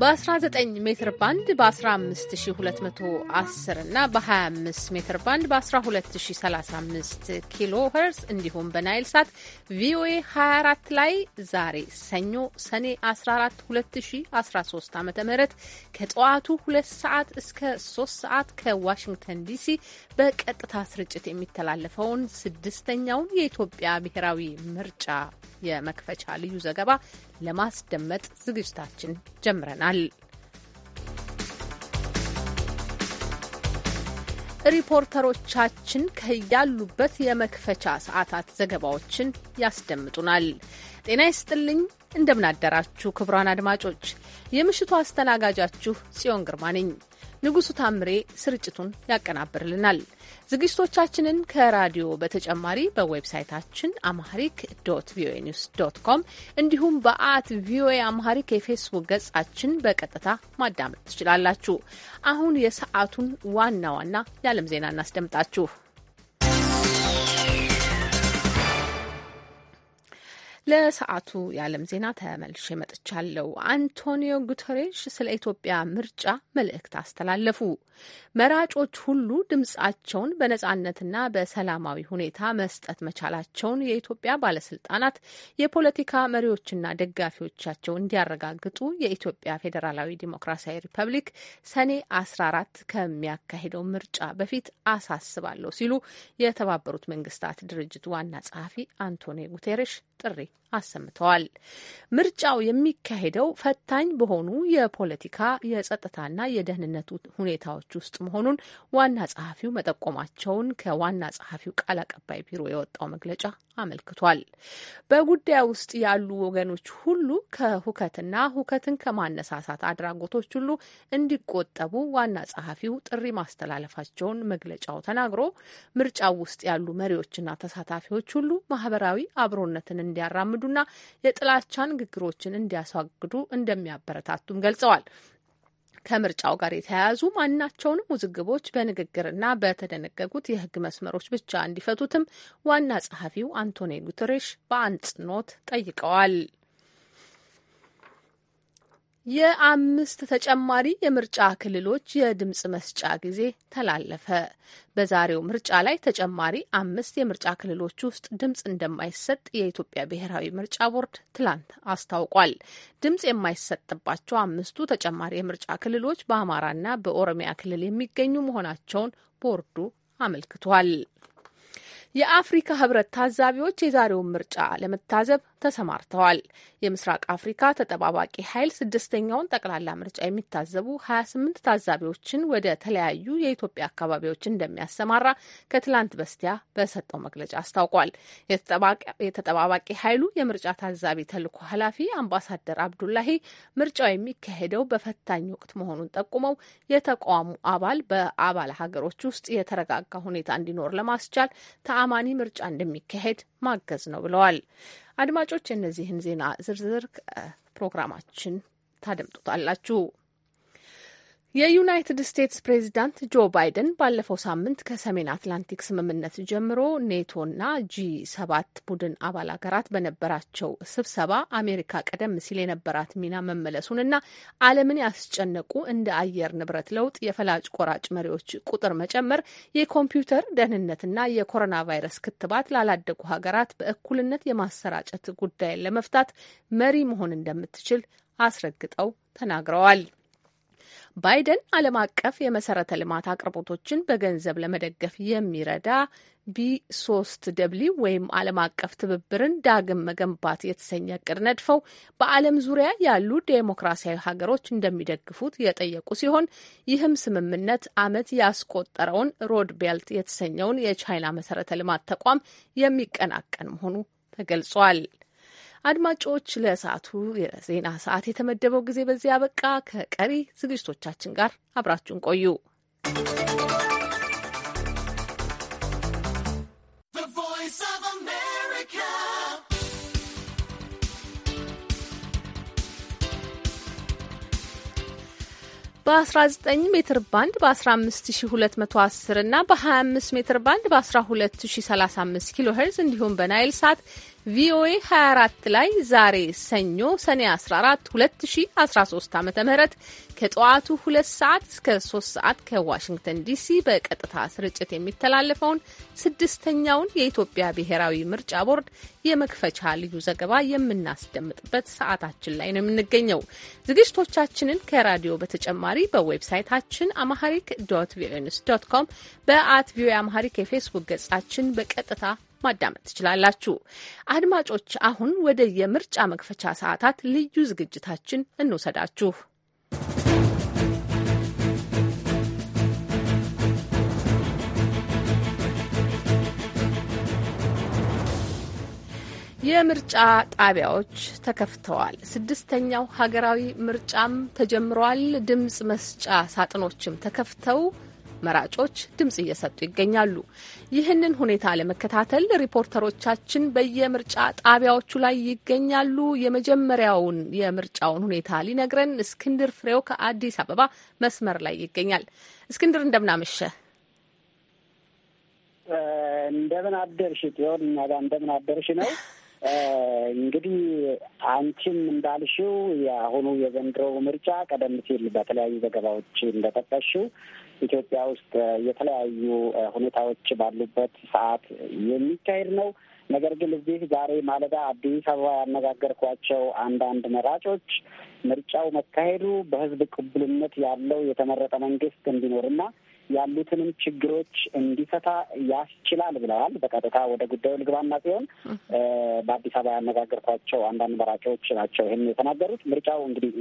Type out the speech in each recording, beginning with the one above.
በ19 ሜትር ባንድ በ15210 እና በ25 ሜትር ባንድ በ12035 ኪሎ ሄርስ እንዲሁም በናይል ሳት ቪኦኤ 24 ላይ ዛሬ ሰኞ ሰኔ 14 2013 ዓ ም ከጠዋቱ 2 ሰዓት እስከ 3 ሰዓት ከዋሽንግተን ዲሲ በቀጥታ ስርጭት የሚተላለፈውን ስድስተኛውን የኢትዮጵያ ብሔራዊ ምርጫ የመክፈቻ ልዩ ዘገባ ለማስደመጥ ዝግጅታችን ጀምረናል። ሪፖርተሮቻችን ከያሉበት የመክፈቻ ሰዓታት ዘገባዎችን ያስደምጡናል። ጤና ይስጥልኝ፣ እንደምናደራችሁ ክቡራን አድማጮች፣ የምሽቱ አስተናጋጃችሁ ጽዮን ግርማ ነኝ። ንጉሡ ታምሬ ስርጭቱን ያቀናብርልናል። ዝግጅቶቻችንን ከራዲዮ በተጨማሪ በዌብሳይታችን አምሃሪክ ዶት ቪኦኤ ኒውስ ዶት ኮም እንዲሁም በአት ቪኦኤ አምሃሪክ የፌስቡክ ገጻችን በቀጥታ ማዳመጥ ትችላላችሁ። አሁን የሰዓቱን ዋና ዋና የዓለም ዜና እናስደምጣችሁ። ለሰዓቱ የዓለም ዜና ተመልሼ መጥቻለሁ። አንቶኒዮ ጉተሬሽ ስለ ኢትዮጵያ ምርጫ መልእክት አስተላለፉ። መራጮች ሁሉ ድምጻቸውን በነጻነትና በሰላማዊ ሁኔታ መስጠት መቻላቸውን የኢትዮጵያ ባለስልጣናት፣ የፖለቲካ መሪዎችና ደጋፊዎቻቸው እንዲያረጋግጡ የኢትዮጵያ ፌዴራላዊ ዲሞክራሲያዊ ሪፐብሊክ ሰኔ 14 ከሚያካሂደው ምርጫ በፊት አሳስባለሁ ሲሉ የተባበሩት መንግስታት ድርጅት ዋና ጸሐፊ አንቶኒዮ ጉቴሬሽ ጥሪ አሰምተዋል። ምርጫው የሚካሄደው ፈታኝ በሆኑ የፖለቲካ የጸጥታና የደህንነት ሁኔታዎች ውስጥ መሆኑን ዋና ጸሐፊው መጠቆማቸውን ከዋና ጸሐፊው ቃል አቀባይ ቢሮ የወጣው መግለጫ አመልክቷል። በጉዳይ ውስጥ ያሉ ወገኖች ሁሉ ከሁከትና ሁከትን ከማነሳሳት አድራጎቶች ሁሉ እንዲቆጠቡ ዋና ጸሐፊው ጥሪ ማስተላለፋቸውን መግለጫው ተናግሮ ምርጫው ውስጥ ያሉ መሪዎችና ተሳታፊዎች ሁሉ ማህበራዊ አብሮነትን እንዲያራምዱና የጥላቻ ንግግሮችን እንዲያስዋግዱ እንደሚያበረታቱም ገልጸዋል። ከምርጫው ጋር የተያያዙ ማናቸውንም ውዝግቦች በንግግርና በተደነገጉት የሕግ መስመሮች ብቻ እንዲፈቱትም ዋና ጸሐፊው አንቶኒ ጉተሬሽ በአጽንኦት ጠይቀዋል። የአምስት ተጨማሪ የምርጫ ክልሎች የድምፅ መስጫ ጊዜ ተላለፈ። በዛሬው ምርጫ ላይ ተጨማሪ አምስት የምርጫ ክልሎች ውስጥ ድምፅ እንደማይሰጥ የኢትዮጵያ ብሔራዊ ምርጫ ቦርድ ትላንት አስታውቋል። ድምፅ የማይሰጥባቸው አምስቱ ተጨማሪ የምርጫ ክልሎች በአማራና በኦሮሚያ ክልል የሚገኙ መሆናቸውን ቦርዱ አመልክቷል። የአፍሪካ ህብረት ታዛቢዎች የዛሬውን ምርጫ ለመታዘብ ተሰማርተዋል። የምስራቅ አፍሪካ ተጠባባቂ ኃይል ስድስተኛውን ጠቅላላ ምርጫ የሚታዘቡ 28 ታዛቢዎችን ወደ ተለያዩ የኢትዮጵያ አካባቢዎች እንደሚያሰማራ ከትላንት በስቲያ በሰጠው መግለጫ አስታውቋል። የተጠባባቂ ኃይሉ የምርጫ ታዛቢ ተልዕኮ ኃላፊ አምባሳደር አብዱላሂ ምርጫው የሚካሄደው በፈታኝ ወቅት መሆኑን ጠቁመው የተቋሙ አባል በአባል ሀገሮች ውስጥ የተረጋጋ ሁኔታ እንዲኖር ለማስቻል ተአማኒ ምርጫ እንደሚካሄድ ማገዝ ነው ብለዋል። አድማጮች፣ የእነዚህን ዜና ዝርዝር ፕሮግራማችን ታደምጡታላችሁ። የዩናይትድ ስቴትስ ፕሬዚዳንት ጆ ባይደን ባለፈው ሳምንት ከሰሜን አትላንቲክ ስምምነት ጀምሮ ኔቶና ጂ ሰባት ቡድን አባል ሀገራት በነበራቸው ስብሰባ አሜሪካ ቀደም ሲል የነበራት ሚና መመለሱንና ዓለምን ያስጨነቁ እንደ አየር ንብረት ለውጥ፣ የፈላጭ ቆራጭ መሪዎች ቁጥር መጨመር፣ የኮምፒውተር ደህንነትና የኮሮና ቫይረስ ክትባት ላላደጉ ሀገራት በእኩልነት የማሰራጨት ጉዳይን ለመፍታት መሪ መሆን እንደምትችል አስረግጠው ተናግረዋል። ባይደን ዓለም አቀፍ የመሰረተ ልማት አቅርቦቶችን በገንዘብ ለመደገፍ የሚረዳ ቢ ሶስት ደብሊው ወይም ዓለም አቀፍ ትብብርን ዳግም መገንባት የተሰኘ እቅድ ነድፈው በዓለም ዙሪያ ያሉ ዴሞክራሲያዊ ሀገሮች እንደሚደግፉት የጠየቁ ሲሆን ይህም ስምምነት ዓመት ያስቆጠረውን ሮድ ቤልት የተሰኘውን የቻይና መሰረተ ልማት ተቋም የሚቀናቀን መሆኑ ተገልጿል። አድማጮች፣ ለሰዓቱ የዜና ሰዓት የተመደበው ጊዜ በዚያ አበቃ። ከቀሪ ዝግጅቶቻችን ጋር አብራችሁን ቆዩ። በ19 ሜትር ባንድ በ15210 እና በ25 ሜትር ባንድ በ12035 ኪሎ ሄርዝ እንዲሁም በናይል ሳት ቪኦኤ 24 ላይ ዛሬ ሰኞ ሰኔ 14 2013 ዓ ም ከጠዋቱ 2 ሰዓት እስከ 3 ሰዓት ከዋሽንግተን ዲሲ በቀጥታ ስርጭት የሚተላለፈውን ስድስተኛውን የኢትዮጵያ ብሔራዊ ምርጫ ቦርድ የመክፈቻ ልዩ ዘገባ የምናስደምጥበት ሰዓታችን ላይ ነው የምንገኘው። ዝግጅቶቻችንን ከራዲዮ በተጨማሪ በዌብሳይታችን አማሐሪክ ዶት ቪኦኤ ኒውስ ዶት ኮም በአት ቪኦኤ አማሐሪክ የፌስቡክ ገጻችን በቀጥታ ማዳመጥ ትችላላችሁ። አድማጮች፣ አሁን ወደ የምርጫ መክፈቻ ሰዓታት ልዩ ዝግጅታችን እንውሰዳችሁ። የምርጫ ጣቢያዎች ተከፍተዋል። ስድስተኛው ሀገራዊ ምርጫም ተጀምሯል። ድምፅ መስጫ ሳጥኖችም ተከፍተው መራጮች ድምጽ እየሰጡ ይገኛሉ። ይህንን ሁኔታ ለመከታተል ሪፖርተሮቻችን በየምርጫ ጣቢያዎቹ ላይ ይገኛሉ። የመጀመሪያውን የምርጫውን ሁኔታ ሊነግረን እስክንድር ፍሬው ከአዲስ አበባ መስመር ላይ ይገኛል። እስክንድር እንደምናመሸ እንደምን አደርሽ? እና እንደምን አደርሽ ነው እንግዲህ አንቺም እንዳልሽው የአሁኑ የዘንድሮው ምርጫ ቀደም ሲል በተለያዩ ዘገባዎች እንደጠቀሽው ኢትዮጵያ ውስጥ የተለያዩ ሁኔታዎች ባሉበት ሰዓት የሚካሄድ ነው። ነገር ግን እዚህ ዛሬ ማለዳ አዲስ አበባ ያነጋገርኳቸው አንዳንድ መራጮች ምርጫው መካሄዱ በህዝብ ቅቡልነት ያለው የተመረጠ መንግስት እንዲኖርና ያሉትንም ችግሮች እንዲፈታ ያስችላል ብለዋል። በቀጥታ ወደ ጉዳዩ ልግባና ሲሆን በአዲስ አበባ ያነጋገርኳቸው አንዳንድ መራጮች ናቸው ይህን የተናገሩት። ምርጫው እንግዲህ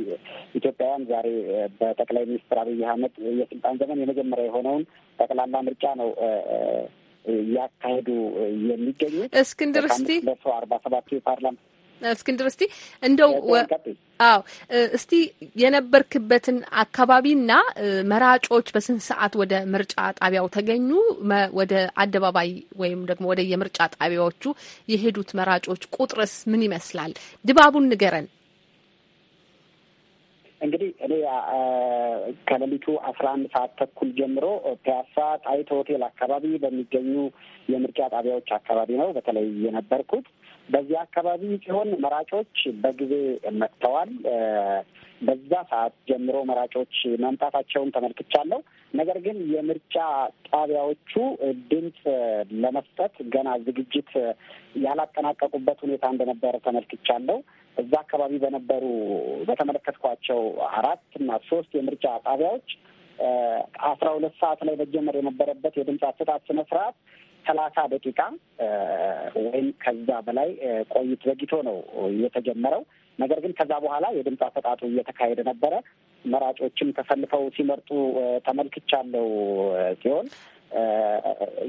ኢትዮጵያውያን ዛሬ በጠቅላይ ሚኒስትር አብይ አህመድ የስልጣን ዘመን የመጀመሪያ የሆነውን ጠቅላላ ምርጫ ነው እያካሄዱ የሚገኙት። እስክንድር እስቲ አርባ ሰባት የፓርላማ እስክንድር እስቲ እንደው አዎ እስቲ የነበርክበትን አካባቢና መራጮች በስንት ሰዓት ወደ ምርጫ ጣቢያው ተገኙ? ወደ አደባባይ ወይም ደግሞ ወደ የምርጫ ጣቢያዎቹ የሄዱት መራጮች ቁጥርስ ምን ይመስላል? ድባቡን ንገረን። እንግዲህ እኔ ከሌሊቱ አስራ አንድ ሰዓት ተኩል ጀምሮ ፒያሳ ጣይት ሆቴል አካባቢ በሚገኙ የምርጫ ጣቢያዎች አካባቢ ነው በተለይ የነበርኩት። በዚያ አካባቢ ሲሆን መራጮች በጊዜ መጥተዋል። በዛ ሰዓት ጀምሮ መራጮች መምጣታቸውን ተመልክቻለሁ። ነገር ግን የምርጫ ጣቢያዎቹ ድምፅ ለመስጠት ገና ዝግጅት ያላጠናቀቁበት ሁኔታ እንደነበረ ተመልክቻለሁ። እዛ አካባቢ በነበሩ በተመለከትኳቸው አራት እና ሶስት የምርጫ ጣቢያዎች አስራ ሁለት ሰዓት ላይ በጀመር የነበረበት የድምፅ አሰጣት ስነ ስርዓት ሰላሳ ደቂቃ ወይም ከዛ በላይ ቆይት ዘግይቶ ነው የተጀመረው። ነገር ግን ከዛ በኋላ የድምፅ አሰጣጡ እየተካሄደ ነበረ። መራጮችም ተሰልፈው ሲመርጡ ተመልክቻለሁ ሲሆን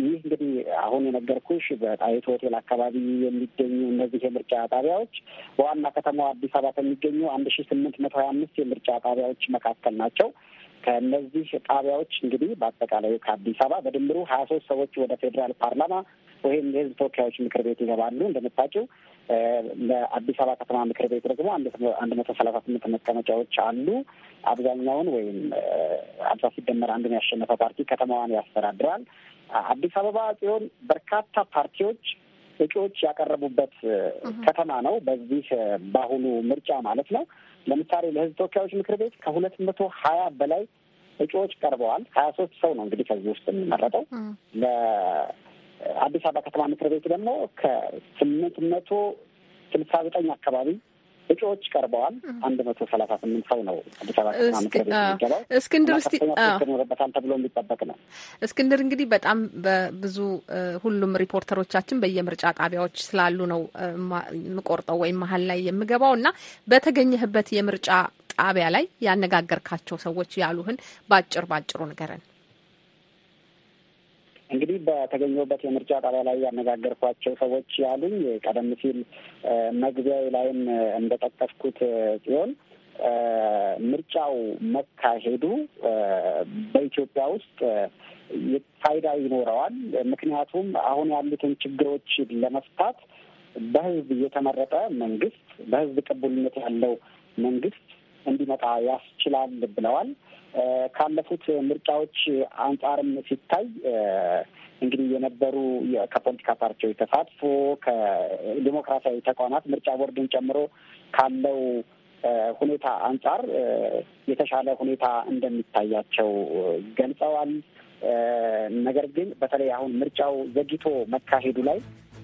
ይህ እንግዲህ አሁን የነገርኩሽ በጣይቱ ሆቴል አካባቢ የሚገኙ እነዚህ የምርጫ ጣቢያዎች በዋና ከተማው አዲስ አበባ ከሚገኙ አንድ ሺ ስምንት መቶ ሀያ አምስት የምርጫ ጣቢያዎች መካከል ናቸው። ከእነዚህ ጣቢያዎች እንግዲህ በአጠቃላይ ከአዲስ አበባ በድምሩ ሀያ ሶስት ሰዎች ወደ ፌዴራል ፓርላማ ወይም የህዝብ ተወካዮች ምክር ቤት ይገባሉ። እንደምታውቂው ለአዲስ አበባ ከተማ ምክር ቤት ደግሞ አንድ መቶ ሰላሳ ስምንት መቀመጫዎች አሉ። አብዛኛውን ወይም አብዛ ሲደመር አንዱን ያሸነፈ ፓርቲ ከተማዋን ያስተዳድራል። አዲስ አበባ ሲሆን በርካታ ፓርቲዎች እጩዎች ያቀረቡበት ከተማ ነው። በዚህ በአሁኑ ምርጫ ማለት ነው። ለምሳሌ ለህዝብ ተወካዮች ምክር ቤት ከሁለት መቶ ሀያ በላይ እጩዎች ቀርበዋል። ሀያ ሶስት ሰው ነው እንግዲህ ከዚህ ውስጥ የሚመረጠው። ለአዲስ አበባ ከተማ ምክር ቤት ደግሞ ከስምንት መቶ ስልሳ ዘጠኝ አካባቢ እጩዎች ቀርበዋል። አንድ መቶ ሰላሳ ስምንት ሰው ነው አዲስ አበባ ምክር እስክንድር እስቲ ይኖርበታል ተብሎ የሚጠበቅ ነው። እስክንድር እንግዲህ በጣም በብዙ ሁሉም ሪፖርተሮቻችን በየምርጫ ጣቢያዎች ስላሉ ነው የምቆርጠው ወይም መሀል ላይ የምገባው እና በተገኘህበት የምርጫ ጣቢያ ላይ ያነጋገርካቸው ሰዎች ያሉህን ባጭር ባጭሩ ንገረን። እንግዲህ በተገኘበት የምርጫ ጣቢያ ላይ ያነጋገርኳቸው ሰዎች ያሉኝ ቀደም ሲል መግቢያዊ ላይም እንደጠቀስኩት ሲሆን ምርጫው መካሄዱ በኢትዮጵያ ውስጥ ፋይዳ ይኖረዋል። ምክንያቱም አሁን ያሉትን ችግሮች ለመፍታት በህዝብ የተመረጠ መንግስት፣ በህዝብ ቅቡልነት ያለው መንግስት እንዲመጣ ያስችላል ብለዋል። ካለፉት ምርጫዎች አንጻርም ሲታይ እንግዲህ የነበሩ ከፖለቲካ ፓርቲዎች ተሳትፎ ከዲሞክራሲያዊ ተቋማት ምርጫ ቦርድን ጨምሮ ካለው ሁኔታ አንጻር የተሻለ ሁኔታ እንደሚታያቸው ገልጸዋል። ነገር ግን በተለይ አሁን ምርጫው ዘግይቶ መካሄዱ ላይ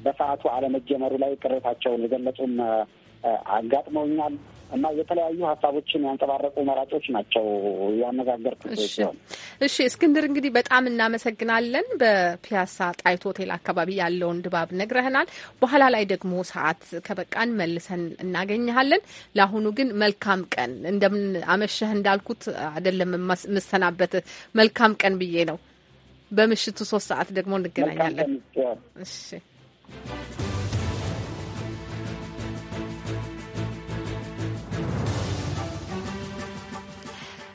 በሰዓቱ አለመጀመሩ ላይ ቅሬታቸውን የገለጹም አጋጥመውኛል እና የተለያዩ ሀሳቦችን ያንጸባረቁ መራጮች ናቸው ያነጋገርኩት እሺ እስክንድር እንግዲህ በጣም እናመሰግናለን። በፒያሳ ጣይቱ ሆቴል አካባቢ ያለውን ድባብ ነግረህናል። በኋላ ላይ ደግሞ ሰዓት ከበቃን መልሰን እናገኘሃለን። ለአሁኑ ግን መልካም ቀን። እንደምን አመሸህ እንዳልኩት አይደለም የምሰናበት መልካም ቀን ብዬ ነው። በምሽቱ ሶስት ሰዓት ደግሞ እንገናኛለን። እሺ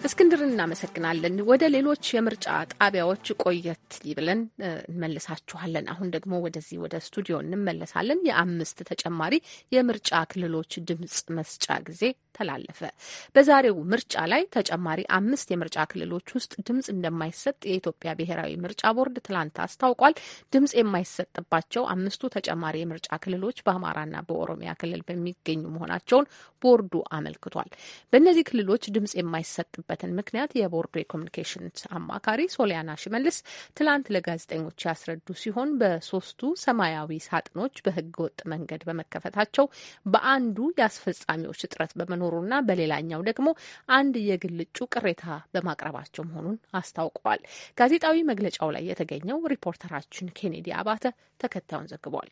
እስክንድር እናመሰግናለን። ወደ ሌሎች የምርጫ ጣቢያዎች ቆየት ብለን እንመልሳችኋለን። አሁን ደግሞ ወደዚህ ወደ ስቱዲዮ እንመለሳለን። የአምስት ተጨማሪ የምርጫ ክልሎች ድምጽ መስጫ ጊዜ ተላለፈ። በዛሬው ምርጫ ላይ ተጨማሪ አምስት የምርጫ ክልሎች ውስጥ ድምጽ እንደማይሰጥ የኢትዮጵያ ብሔራዊ ምርጫ ቦርድ ትላንት አስታውቋል። ድምጽ የማይሰጥባቸው አምስቱ ተጨማሪ የምርጫ ክልሎች በአማራና በኦሮሚያ ክልል በሚገኙ መሆናቸውን ቦርዱ አመልክቷል። በእነዚህ ክልሎች ድምጽ የማይሰጥበትን ምክንያት የቦርዱ የኮሚኒኬሽን አማካሪ ሶሊያና ሽመልስ ትላንት ለጋዜጠኞች ያስረዱ ሲሆን በሶስቱ ሰማያዊ ሳጥኖች በህገወጥ መንገድ በመከፈታቸው በአንዱ የአስፈጻሚዎች እጥረት በመ ባለመኖሩና በሌላኛው ደግሞ አንድ የግል እጩ ቅሬታ በማቅረባቸው መሆኑን አስታውቀዋል። ጋዜጣዊ መግለጫው ላይ የተገኘው ሪፖርተራችን ኬኔዲ አባተ ተከታዩን ዘግቧል።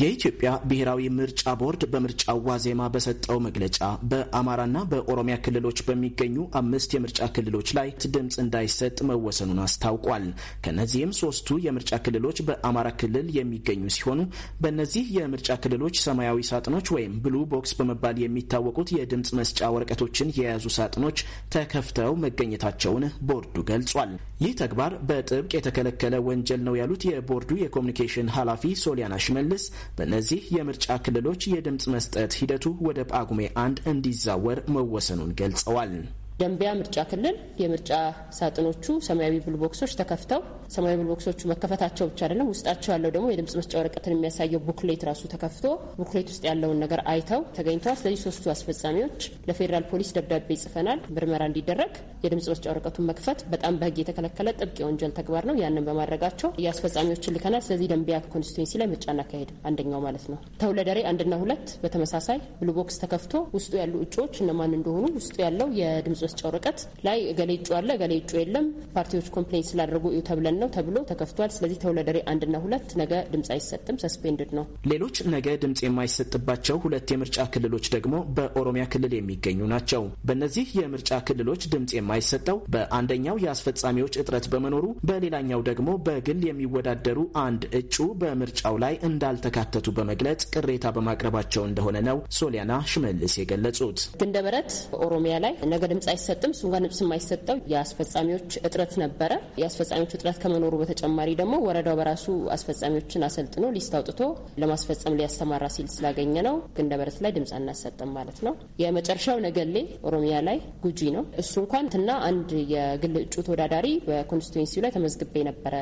የኢትዮጵያ ብሔራዊ ምርጫ ቦርድ በምርጫ ዋዜማ በሰጠው መግለጫ በአማራና በኦሮሚያ ክልሎች በሚገኙ አምስት የምርጫ ክልሎች ላይ ድምፅ እንዳይሰጥ መወሰኑን አስታውቋል። ከነዚህም ሶስቱ የምርጫ ክልሎች በአማራ ክልል የሚገኙ ሲሆኑ በእነዚህ የምርጫ ክልሎች ሰማያዊ ሳጥኖች ወይም ብሉ ቦክስ በመባል የሚታወቁት የድምፅ መስጫ ወረቀቶችን የያዙ ሳጥኖች ተከፍተው መገኘታቸውን ቦርዱ ገልጿል። ይህ ተግባር በጥብቅ የተከለከለ ወንጀል ነው ያሉት የቦርዱ የኮሚኒኬሽን ኃላፊ ሶሊያና ሽመልስ በእነዚህ የምርጫ ክልሎች የድምፅ መስጠት ሂደቱ ወደ ጳጉሜ አንድ እንዲዛወር መወሰኑን ገልጸዋል። ደንቢያ ምርጫ ክልል የምርጫ ሳጥኖቹ ሰማያዊ ብልቦክሶች ተከፍተው ሰማያዊ ብልቦክሶቹ መከፈታቸው ብቻ አይደለም፣ ውስጣቸው ያለው ደግሞ የድምጽ መስጫ ወረቀትን የሚያሳየው ቡክሌት ራሱ ተከፍቶ ቡክሌት ውስጥ ያለውን ነገር አይተው ተገኝተዋል። ስለዚህ ሶስቱ አስፈጻሚዎች ለፌዴራል ፖሊስ ደብዳቤ ጽፈናል፣ ምርመራ እንዲደረግ የድምጽ መስጫ ወረቀቱን መክፈት በጣም በህግ የተከለከለ ጥብቅ የወንጀል ተግባር ነው። ያንን በማድረጋቸው የአስፈጻሚዎችን ልከናል። ስለዚህ ደንቢያ ኮንስቲቱንሲ ላይ ምርጫ እናካሄድ፣ አንደኛው ማለት ነው። ተውለደሬ አንድና ሁለት በተመሳሳይ ቡልቦክስ ተከፍቶ ውስጡ ያሉ እጩዎች እነማን እንደሆኑ ውስጡ ያለው የድምጽ ማስረጫው ወረቀት ላይ እገሌ እጩ አለ እገሌ እጩ የለም ፓርቲዎች ኮምፕሌን ስላደረጉ እዩ ተብለን ነው ተብሎ ተከፍቷል። ስለዚህ ተወዳዳሪ አንድና ሁለት ነገ ድምፅ አይሰጥም፣ ሰስፔንድድ ነው። ሌሎች ነገ ድምፅ የማይሰጥባቸው ሁለት የምርጫ ክልሎች ደግሞ በኦሮሚያ ክልል የሚገኙ ናቸው። በእነዚህ የምርጫ ክልሎች ድምፅ የማይሰጠው በአንደኛው የአስፈጻሚዎች እጥረት በመኖሩ በሌላኛው ደግሞ በግል የሚወዳደሩ አንድ እጩ በምርጫው ላይ እንዳልተካተቱ በመግለጽ ቅሬታ በማቅረባቸው እንደሆነ ነው ሶሊያና ሽመልስ የገለጹት። ግንደበረት ኦሮሚያ ላይ ነገ ድምፅ አይሰጥም። እሱን ጋር ንብስ የማይሰጠው የአስፈጻሚዎች እጥረት ነበረ። የአስፈጻሚዎች እጥረት ከመኖሩ በተጨማሪ ደግሞ ወረዳው በራሱ አስፈጻሚዎችን አሰልጥኖ ሊስት አውጥቶ ለማስፈጸም ሊያስተማራ ሲል ስላገኘ ነው ደበረት ላይ ድምፅ አናሰጥም ማለት ነው። የመጨረሻው ነገሌ ኦሮሚያ ላይ ጉጂ ነው። እሱ እንኳን ትና አንድ የግል እጩ ተወዳዳሪ በኮንስቲቱንሲው ላይ ተመዝግቤ ነበረ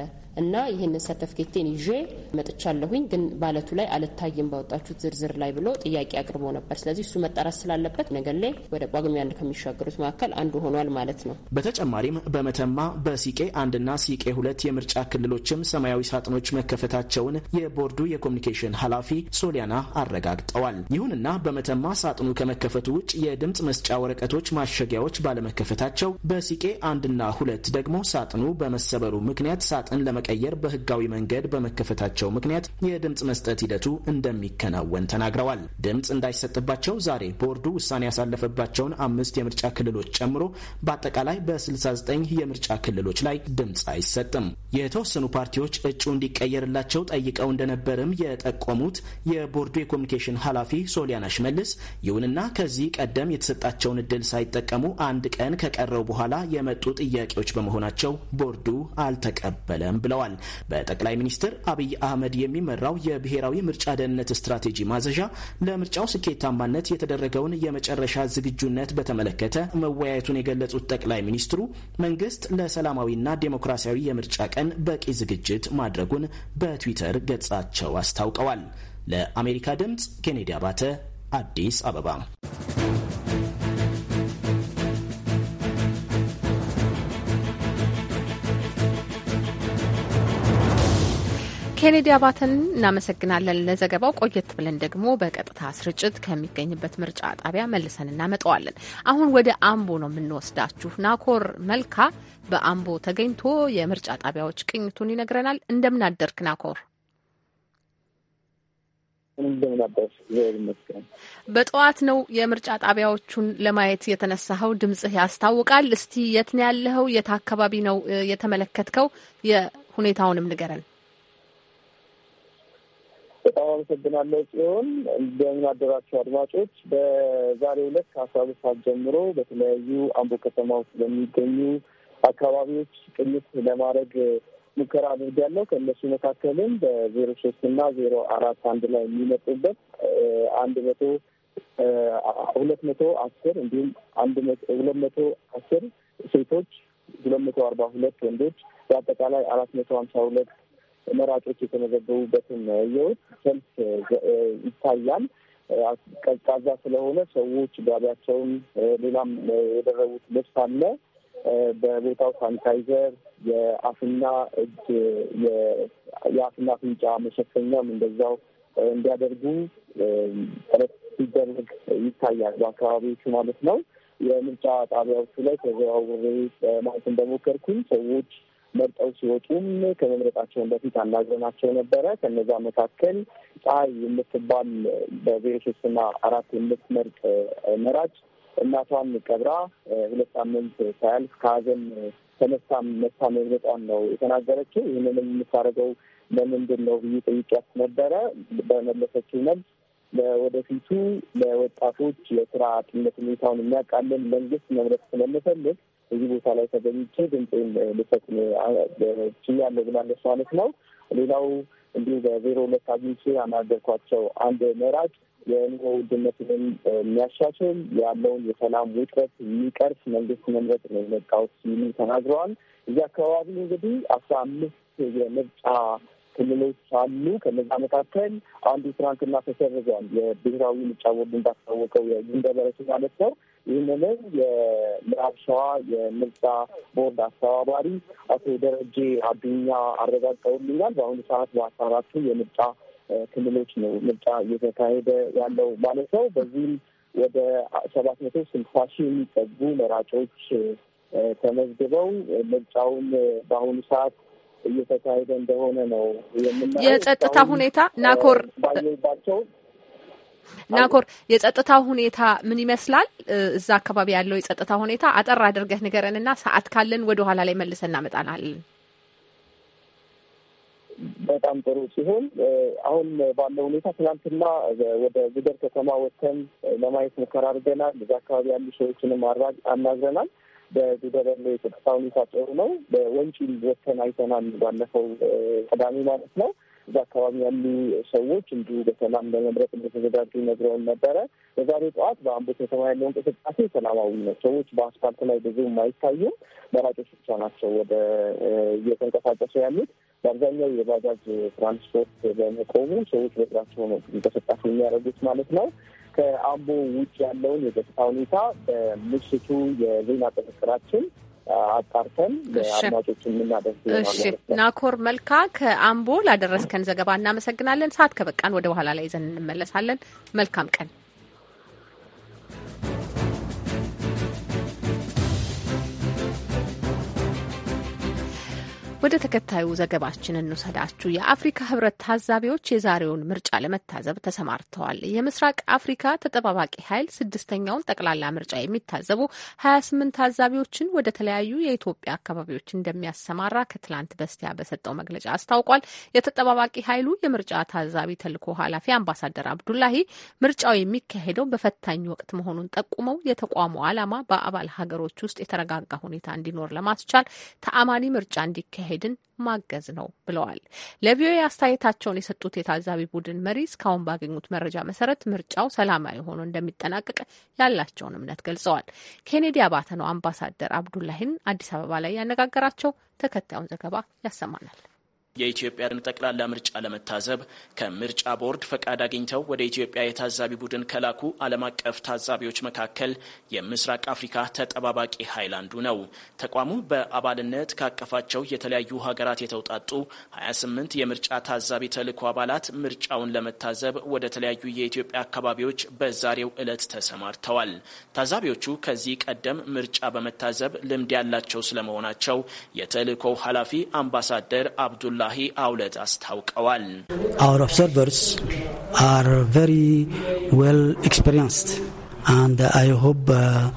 እና ይህንን ሰርተፍኬቴን ይዤ መጥቻለሁኝ ግን ባለቱ ላይ አልታይም ባወጣችሁት ዝርዝር ላይ ብሎ ጥያቄ አቅርቦ ነበር። ስለዚህ እሱ መጣራት ስላለበት ነገር ላይ ወደ ጳጉሜ አንድ ከሚሻገሩት መካከል አንዱ ሆኗል ማለት ነው። በተጨማሪም በመተማ በሲቄ አንድና ሲቄ ሁለት የምርጫ ክልሎችም ሰማያዊ ሳጥኖች መከፈታቸውን የቦርዱ የኮሚኒኬሽን ኃላፊ ሶሊያና አረጋግጠዋል። ይሁንና በመተማ ሳጥኑ ከመከፈቱ ውጭ የድምፅ መስጫ ወረቀቶች ማሸጊያዎች ባለመከፈታቸው በሲቄ አንድና ሁለት ደግሞ ሳጥኑ በመሰበሩ ምክንያት ሳጥን ለመ ለመቀየር በህጋዊ መንገድ በመከፈታቸው ምክንያት የድምፅ መስጠት ሂደቱ እንደሚከናወን ተናግረዋል። ድምፅ እንዳይሰጥባቸው ዛሬ ቦርዱ ውሳኔ ያሳለፈባቸውን አምስት የምርጫ ክልሎች ጨምሮ በአጠቃላይ በ69 የምርጫ ክልሎች ላይ ድምፅ አይሰጥም። የተወሰኑ ፓርቲዎች እጩ እንዲቀየርላቸው ጠይቀው እንደነበርም የጠቆሙት የቦርዱ የኮሚኒኬሽን ኃላፊ ሶሊያና ሽመልስ፣ ይሁንና ከዚህ ቀደም የተሰጣቸውን እድል ሳይጠቀሙ አንድ ቀን ከቀረው በኋላ የመጡ ጥያቄዎች በመሆናቸው ቦርዱ አልተቀበለም ብለዋል። ብለዋል። በጠቅላይ ሚኒስትር አብይ አህመድ የሚመራው የብሔራዊ ምርጫ ደህንነት ስትራቴጂ ማዘዣ ለምርጫው ስኬታማነት የተደረገውን የመጨረሻ ዝግጁነት በተመለከተ መወያየቱን የገለጹት ጠቅላይ ሚኒስትሩ መንግስት ለሰላማዊና ዴሞክራሲያዊ የምርጫ ቀን በቂ ዝግጅት ማድረጉን በትዊተር ገጻቸው አስታውቀዋል። ለአሜሪካ ድምፅ ኬኔዲ አባተ አዲስ አበባ ኬኔዲ አባተን እናመሰግናለን ለዘገባው። ቆየት ብለን ደግሞ በቀጥታ ስርጭት ከሚገኝበት ምርጫ ጣቢያ መልሰን እናመጣዋለን። አሁን ወደ አምቦ ነው የምንወስዳችሁ። ናኮር መልካ በአምቦ ተገኝቶ የምርጫ ጣቢያዎች ቅኝቱን ይነግረናል። እንደምናደርክ ናኮር። በጠዋት ነው የምርጫ ጣቢያዎቹን ለማየት የተነሳኸው። ድምጽህ ያስታውቃል። እስቲ የት ነው ያለኸው? የት አካባቢ ነው የተመለከትከው? የሁኔታውንም ንገረን። በጣም አመሰግናለሁ ጽዮን። እንደምን አደራችሁ አድማጮች። በዛሬው ዕለት ከአስራ ሁለት ሰዓት ጀምሮ በተለያዩ አምቦ ከተማ ውስጥ በሚገኙ አካባቢዎች ቅኝት ለማድረግ ሙከራ አድርጊያለሁ። ከእነሱ መካከልም በዜሮ ሶስት እና ዜሮ አራት አንድ ላይ የሚመጡበት አንድ መቶ ሁለት መቶ አስር እንዲሁም አንድ ሁለት መቶ አስር ሴቶች ሁለት መቶ አርባ ሁለት ወንዶች በአጠቃላይ አራት መቶ ሀምሳ ሁለት መራጮች የተመዘገቡበትን የውት ሰልፍ ይታያል። ቀዝቃዛ ስለሆነ ሰዎች ጋቢያቸውን፣ ሌላም የደረቡት ልብስ አለ። በቦታው ሳኒታይዘር፣ የአፍና እጅ የአፍና አፍንጫ መሸፈኛም እንደዛው እንዲያደርጉ ጥረት ሲደረግ ይታያል፣ በአካባቢዎቹ ማለት ነው። የምርጫ ጣቢያዎቹ ላይ ተዘዋውሬ ማየት እንደሞከርኩኝ ሰዎች መርጠው ሲወጡም ከመምረጣቸውን በፊት አናግረናቸው ነበረ። ከነዛ መካከል ፀሐይ የምትባል በዜሮ ሶስትና አራት የምትመርጥ መራጭ እናቷን ቀብራ ሁለት ሳምንት ሳያልፍ ከሀዘን ተነሳ መታ መምረጧን ነው የተናገረችው። ይህንንም የምታደርገው ለምንድን ነው ብዬ ጠይቄያት ነበረ። በመለሰችው መልስ ለወደፊቱ ለወጣቶች የስራ አጥነት ሁኔታውን የሚያቃልል መንግስት መምረጥ ስለምፈልግ እዚህ ቦታ ላይ ተገኝቼ ድምፅን ልሰጥ ችያለሁ ብላለች ማለት ነው። ሌላው እንዲሁ በዜሮ ሁለት አግኝቼ ያናገርኳቸው አንድ መራጭ የኑሮ ውድነትንም የሚያሻሽል ያለውን የሰላም ውጥረት የሚቀርፍ መንግስት መምረጥ ነው የመጣሁት ሲሉ ተናግረዋል። እዚህ አካባቢ እንግዲህ አስራ አምስት የምርጫ ክልሎች አሉ። ከነዛ መካከል አንዱ ትናንትና ተሰርዟል። የብሔራዊ ምርጫ ቦርድ እንዳስታወቀው የይንደበረሱ ማለት ነው። ይህንንም የምዕራብ ሸዋ የምርጫ ቦርድ አስተባባሪ አቶ ደረጀ አዱኛ አረጋግጠውልኛል። በአሁኑ ሰዓት በአስራ አራቱ የምርጫ ክልሎች ነው ምርጫ እየተካሄደ ያለው ማለት ነው። በዚህም ወደ ሰባት መቶ ስልሳ ሺህ የሚጠጉ መራጮች ተመዝግበው ምርጫውን በአሁኑ ሰዓት እየተካሄደ እንደሆነ ነው የምና የጸጥታ ሁኔታ ናኮር ባቸው ናኮር የጸጥታ ሁኔታ ምን ይመስላል? እዛ አካባቢ ያለው የጸጥታ ሁኔታ አጠር አድርገህ ንገረንና ሰዓት ካለን ወደ ኋላ ላይ መልሰን እናመጣናለን። በጣም ጥሩ ሲሆን አሁን ባለው ሁኔታ ትናንትና ወደ ዝደር ከተማ ወተን ለማየት ሙከራ አድርገናል። እዛ አካባቢ ያሉ ሰዎችንም አናግረናል። በጉደር ያለው የጸጥታ ሁኔታ ጥሩ ነው። በወንጪል ወተን አይተናል፣ ባለፈው ቅዳሜ ማለት ነው። እዛ አካባቢ ያሉ ሰዎች እንዲሁ በሰላም ለመምረጥ እንደተዘጋጁ ነግረውን ነበረ። በዛሬ ጠዋት በአምቦ ከተማ ያለው እንቅስቃሴ ሰላማዊ ነው። ሰዎች በአስፋልት ላይ ብዙ አይታዩም። መራጮች ብቻ ናቸው ወደ እየተንቀሳቀሱ ያሉት። በአብዛኛው የባጃጅ ትራንስፖርት በመቆሙ ሰዎች በእግራቸው ነው እንቅስቃሴ የሚያደርጉት ማለት ነው። ከአምቦ ውጭ ያለውን የገጽታ ሁኔታ በምሽቱ የዜና ጥንቅራችን አጣርተን ለአድማጮች የምናደርስ እሺ። ናኮር መልካ ከአምቦ ላደረስከን ዘገባ እናመሰግናለን። ሰዓት ከበቃን ወደ በኋላ ላይ ይዘን እንመለሳለን። መልካም ቀን። ወደ ተከታዩ ዘገባችን እንውሰዳችሁ። የአፍሪካ ህብረት ታዛቢዎች የዛሬውን ምርጫ ለመታዘብ ተሰማርተዋል። የምስራቅ አፍሪካ ተጠባባቂ ኃይል ስድስተኛውን ጠቅላላ ምርጫ የሚታዘቡ ሀያ ስምንት ታዛቢዎችን ወደ ተለያዩ የኢትዮጵያ አካባቢዎች እንደሚያሰማራ ከትላንት በስቲያ በሰጠው መግለጫ አስታውቋል። የተጠባባቂ ኃይሉ የምርጫ ታዛቢ ተልዕኮ ኃላፊ አምባሳደር አብዱላሂ ምርጫው የሚካሄደው በፈታኝ ወቅት መሆኑን ጠቁመው የተቋሙ ዓላማ በአባል ሀገሮች ውስጥ የተረጋጋ ሁኔታ እንዲኖር ለማስቻል ተአማኒ ምርጫ እንዲካሄድ ማካሄድን ማገዝ ነው ብለዋል። ለቪኦኤ አስተያየታቸውን የሰጡት የታዛቢ ቡድን መሪ እስካሁን ባገኙት መረጃ መሰረት ምርጫው ሰላማዊ ሆኖ እንደሚጠናቀቅ ያላቸውን እምነት ገልጸዋል። ኬኔዲ አባተ ነው አምባሳደር አብዱላሂን አዲስ አበባ ላይ ያነጋገራቸው። ተከታዩን ዘገባ ያሰማናል። የኢትዮጵያን ጠቅላላ ምርጫ ለመታዘብ ከምርጫ ቦርድ ፈቃድ አግኝተው ወደ ኢትዮጵያ የታዛቢ ቡድን ከላኩ ዓለም አቀፍ ታዛቢዎች መካከል የምስራቅ አፍሪካ ተጠባባቂ ኃይል አንዱ ነው። ተቋሙ በአባልነት ካቀፋቸው የተለያዩ ሀገራት የተውጣጡ 28 የምርጫ ታዛቢ ተልእኮ አባላት ምርጫውን ለመታዘብ ወደ ተለያዩ የኢትዮጵያ አካባቢዎች በዛሬው ዕለት ተሰማርተዋል። ታዛቢዎቹ ከዚህ ቀደም ምርጫ በመታዘብ ልምድ ያላቸው ስለመሆናቸው የተልእኮው ኃላፊ አምባሳደር አብዱላ Our observers are very well experienced, and I hope uh,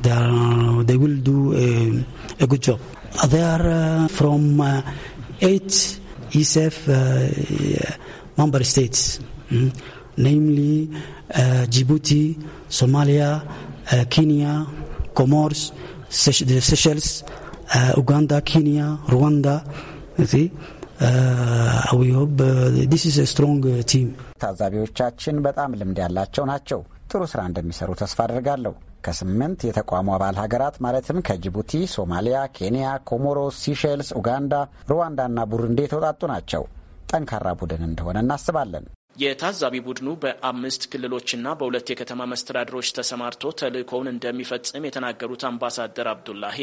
they will do uh, a, good job. They are uh, from eight ESF member states, hmm? namely Djibouti, Somalia, Kenya, Comoros, Seychelles, Uganda, Kenya, Rwanda. You see? Uh, uh, uh, ታዛቢዎቻችን በጣም ልምድ ያላቸው ናቸው። ጥሩ ስራ እንደሚሰሩ ተስፋ አድርጋለሁ። ከስምንት የተቋሙ አባል ሀገራት ማለትም ከጅቡቲ፣ ሶማሊያ፣ ኬንያ፣ ኮሞሮስ፣ ሲሼልስ፣ ኡጋንዳ፣ ሩዋንዳና ቡሩንዲ የተውጣጡ ናቸው። ጠንካራ ቡድን እንደሆነ እናስባለን። የታዛቢ ቡድኑ በአምስት ክልሎችና በሁለት የከተማ መስተዳድሮች ተሰማርቶ ተልእኮውን እንደሚፈጽም የተናገሩት አምባሳደር አብዱላሂ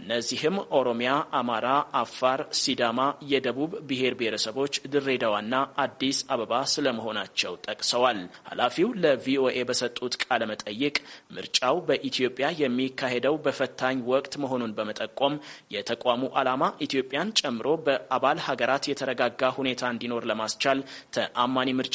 እነዚህም ኦሮሚያ፣ አማራ፣ አፋር፣ ሲዳማ፣ የደቡብ ብሔር ብሔረሰቦች፣ ድሬዳዋና አዲስ አበባ ስለመሆናቸው ጠቅሰዋል። ኃላፊው ለቪኦኤ በሰጡት ቃለ መጠይቅ ምርጫው በኢትዮጵያ የሚካሄደው በፈታኝ ወቅት መሆኑን በመጠቆም የተቋሙ ዓላማ ኢትዮጵያን ጨምሮ በአባል ሀገራት የተረጋጋ ሁኔታ እንዲኖር ለማስቻል ተአማኒ ምርጫ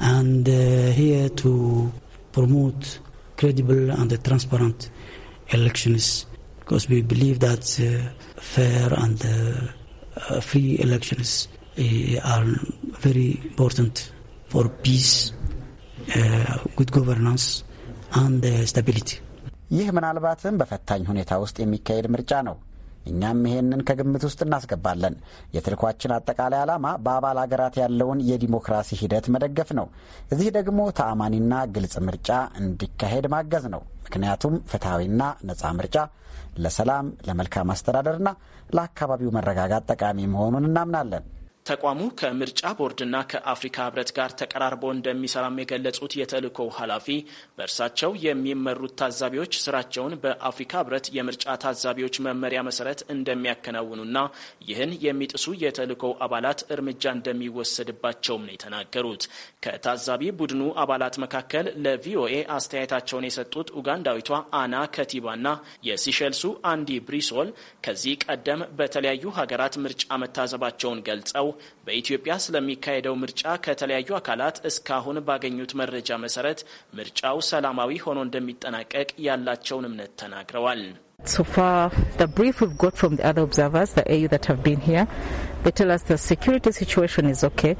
and uh, here to promote credible and transparent elections because we believe that uh, fair and uh, free elections uh, are very important for peace, uh, good governance and uh, stability. ይህ ምናልባትም በፈታኝ ሁኔታ ውስጥ የሚካሄድ ምርጫ ነው። እኛም ይሄንን ከግምት ውስጥ እናስገባለን። የትልኳችን አጠቃላይ ዓላማ በአባል አገራት ያለውን የዲሞክራሲ ሂደት መደገፍ ነው። እዚህ ደግሞ ተአማኒና ግልጽ ምርጫ እንዲካሄድ ማገዝ ነው። ምክንያቱም ፍትሐዊና ነጻ ምርጫ ለሰላም፣ ለመልካም አስተዳደርና ለአካባቢው መረጋጋት ጠቃሚ መሆኑን እናምናለን። ተቋሙ ከምርጫ ቦርድና ከአፍሪካ ህብረት ጋር ተቀራርቦ እንደሚሰራም የገለጹት የተልእኮው ኃላፊ በእርሳቸው የሚመሩት ታዛቢዎች ስራቸውን በአፍሪካ ህብረት የምርጫ ታዛቢዎች መመሪያ መሰረት እንደሚያከናውኑና ይህን የሚጥሱ የተልእኮው አባላት እርምጃ እንደሚወሰድባቸውም ነው የተናገሩት። ከታዛቢ ቡድኑ አባላት መካከል ለቪኦኤ አስተያየታቸውን የሰጡት ኡጋንዳዊቷ አና ከቲባና የሲሸልሱ አንዲ ብሪሶል ከዚህ ቀደም በተለያዩ ሀገራት ምርጫ መታዘባቸውን ገልጸው በኢትዮጵያ ስለሚካሄደው ምርጫ ከተለያዩ አካላት እስካሁን ባገኙት መረጃ መሰረት ምርጫው ሰላማዊ ሆኖ እንደሚጠናቀቅ ያላቸውን እምነት ተናግረዋል። So far, the brief we've got from the other observers, the AU that have been here, they tell us the security situation is okay,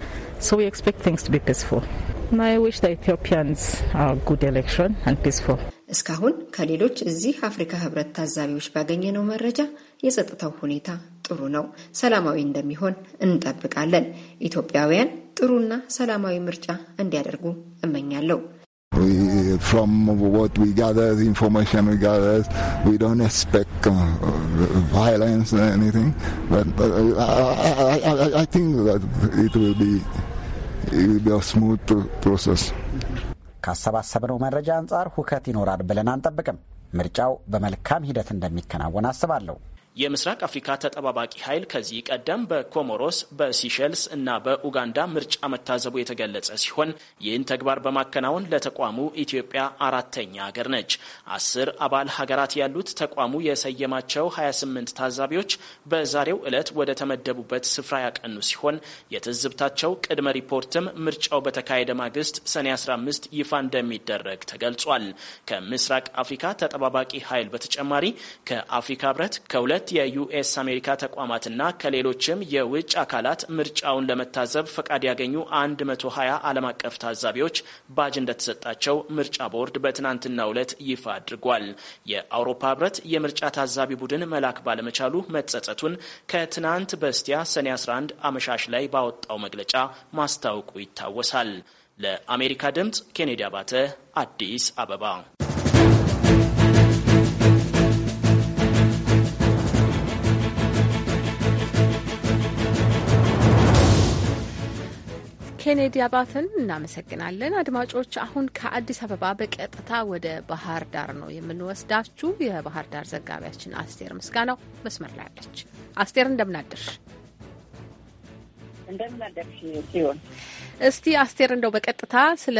so we expect things to be peaceful. And I wish the Ethiopians a good election and peaceful. እስካሁን ከሌሎች እዚህ አፍሪካ ህብረት ታዛቢዎች ባገኘነው መረጃ የጸጥታው ሁኔታ ጥሩ ነው፣ ሰላማዊ እንደሚሆን እንጠብቃለን። ኢትዮጵያውያን ጥሩና ሰላማዊ ምርጫ እንዲያደርጉ እመኛለሁ። ኢት ካሰባሰብነው መረጃ አንጻር ሁከት ይኖራል ብለን አንጠብቅም። ምርጫው በመልካም ሂደት እንደሚከናወን አስባለሁ። የምስራቅ አፍሪካ ተጠባባቂ ኃይል ከዚህ ቀደም በኮሞሮስ በሲሸልስ እና በኡጋንዳ ምርጫ መታዘቡ የተገለጸ ሲሆን ይህን ተግባር በማከናወን ለተቋሙ ኢትዮጵያ አራተኛ ሀገር ነች። አስር አባል ሀገራት ያሉት ተቋሙ የሰየማቸው 28 ታዛቢዎች በዛሬው ዕለት ወደ ተመደቡበት ስፍራ ያቀኑ ሲሆን የትዝብታቸው ቅድመ ሪፖርትም ምርጫው በተካሄደ ማግስት ሰኔ 15 ይፋ እንደሚደረግ ተገልጿል። ከምስራቅ አፍሪካ ተጠባባቂ ኃይል በተጨማሪ ከአፍሪካ ህብረት ከሁለት ሁለት የዩኤስ አሜሪካ ተቋማትና ከሌሎችም የውጭ አካላት ምርጫውን ለመታዘብ ፈቃድ ያገኙ 120 ዓለም አቀፍ ታዛቢዎች ባጅ እንደተሰጣቸው ምርጫ ቦርድ በትናንትናው ዕለት ይፋ አድርጓል። የአውሮፓ ህብረት የምርጫ ታዛቢ ቡድን መላክ ባለመቻሉ መጸጸቱን ከትናንት በስቲያ ሰኔ 11 አመሻሽ ላይ ባወጣው መግለጫ ማስታወቁ ይታወሳል። ለአሜሪካ ድምፅ ኬኔዲ አባተ አዲስ አበባ ኬኔዲ አባትን እናመሰግናለን። አድማጮች፣ አሁን ከአዲስ አበባ በቀጥታ ወደ ባህር ዳር ነው የምንወስዳችሁ። የባህር ዳር ዘጋቢያችን አስቴር ምስጋናው መስመር ላይ አለች። አስቴር እንደምናደርሽ እንደምናደርሽ ሲሆን እስቲ አስቴር እንደው በቀጥታ ስለ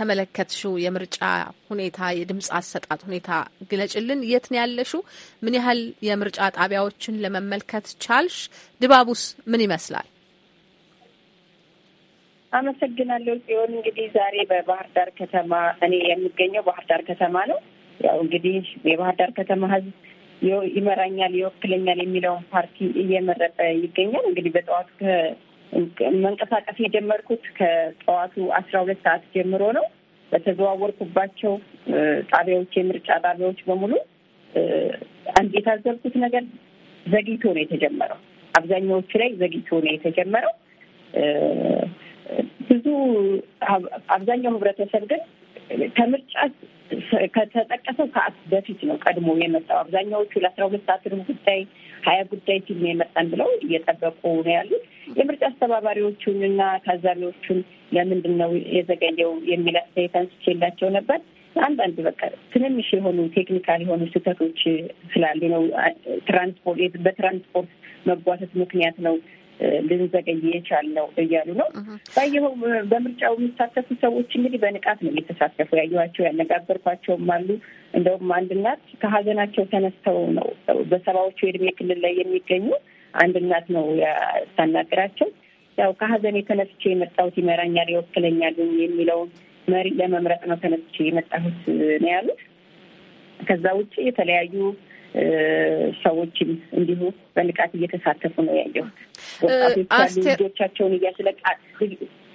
ተመለከትሽው የምርጫ ሁኔታ የድምፅ አሰጣጥ ሁኔታ ግለጭልን። የት ነው ያለሽው? ምን ያህል የምርጫ ጣቢያዎችን ለመመልከት ቻልሽ? ድባቡስ ምን ይመስላል? አመሰግናለሁ ጽዮን። እንግዲህ ዛሬ በባህር ዳር ከተማ እኔ የምገኘው ባህር ዳር ከተማ ነው። ያው እንግዲህ የባህር ዳር ከተማ ህዝብ ይመራኛል፣ ይወክለኛል የሚለውን ፓርቲ እየመረጠ ይገኛል። እንግዲህ በጠዋቱ መንቀሳቀስ የጀመርኩት ከጠዋቱ አስራ ሁለት ሰዓት ጀምሮ ነው። በተዘዋወርኩባቸው ጣቢያዎች፣ የምርጫ ጣቢያዎች በሙሉ አንድ የታዘብኩት ነገር ዘግይቶ ነው የተጀመረው። አብዛኛዎቹ ላይ ዘግይቶ ነው የተጀመረው። ብዙ አብዛኛው ህብረተሰብ ግን ከምርጫ ከተጠቀሰው ሰዓት በፊት ነው ቀድሞ የመጣው። አብዛኛዎቹ ለአስራ ሁለት ሰዓት ጉዳይ ሀያ ጉዳይ ሲል ነው የመጣን ብለው እየጠበቁ ነው ያሉት። የምርጫ አስተባባሪዎቹን እና ታዛቢዎቹን ለምንድን ነው የዘገየው የሚል አስተያየት አንስቼላቸው ነበር። አንዳንድ በቃ ትንንሽ የሆኑ ቴክኒካል የሆኑ ስህተቶች ስላሉ ነው ትራንስፖርት በትራንስፖርት መጓተት ምክንያት ነው ልንዘገይ የቻልነው እያሉ ነው። ባየኸው በምርጫው የሚሳተፉ ሰዎች እንግዲህ በንቃት ነው እየተሳተፉ ያየኋቸው፣ ያነጋገርኳቸውም አሉ። እንደውም አንድ እናት ከሀዘናቸው ተነስተው ነው በሰባዎቹ የእድሜ ክልል ላይ የሚገኙ አንድ እናት ነው ያስታናግራቸው። ያው ከሀዘን የተነስቼ የመጣሁት ይመራኛል፣ ይወክለኛል የሚለውን መሪ ለመምረጥ ነው ተነስቼ የመጣሁት ነው ያሉት። ከዛ ውጭ የተለያዩ ሰዎችም እንዲሁ በንቃት እየተሳተፉ ነው ያየሁት። ወጣቶች ያሉ ልጆቻቸውን እያስለቃ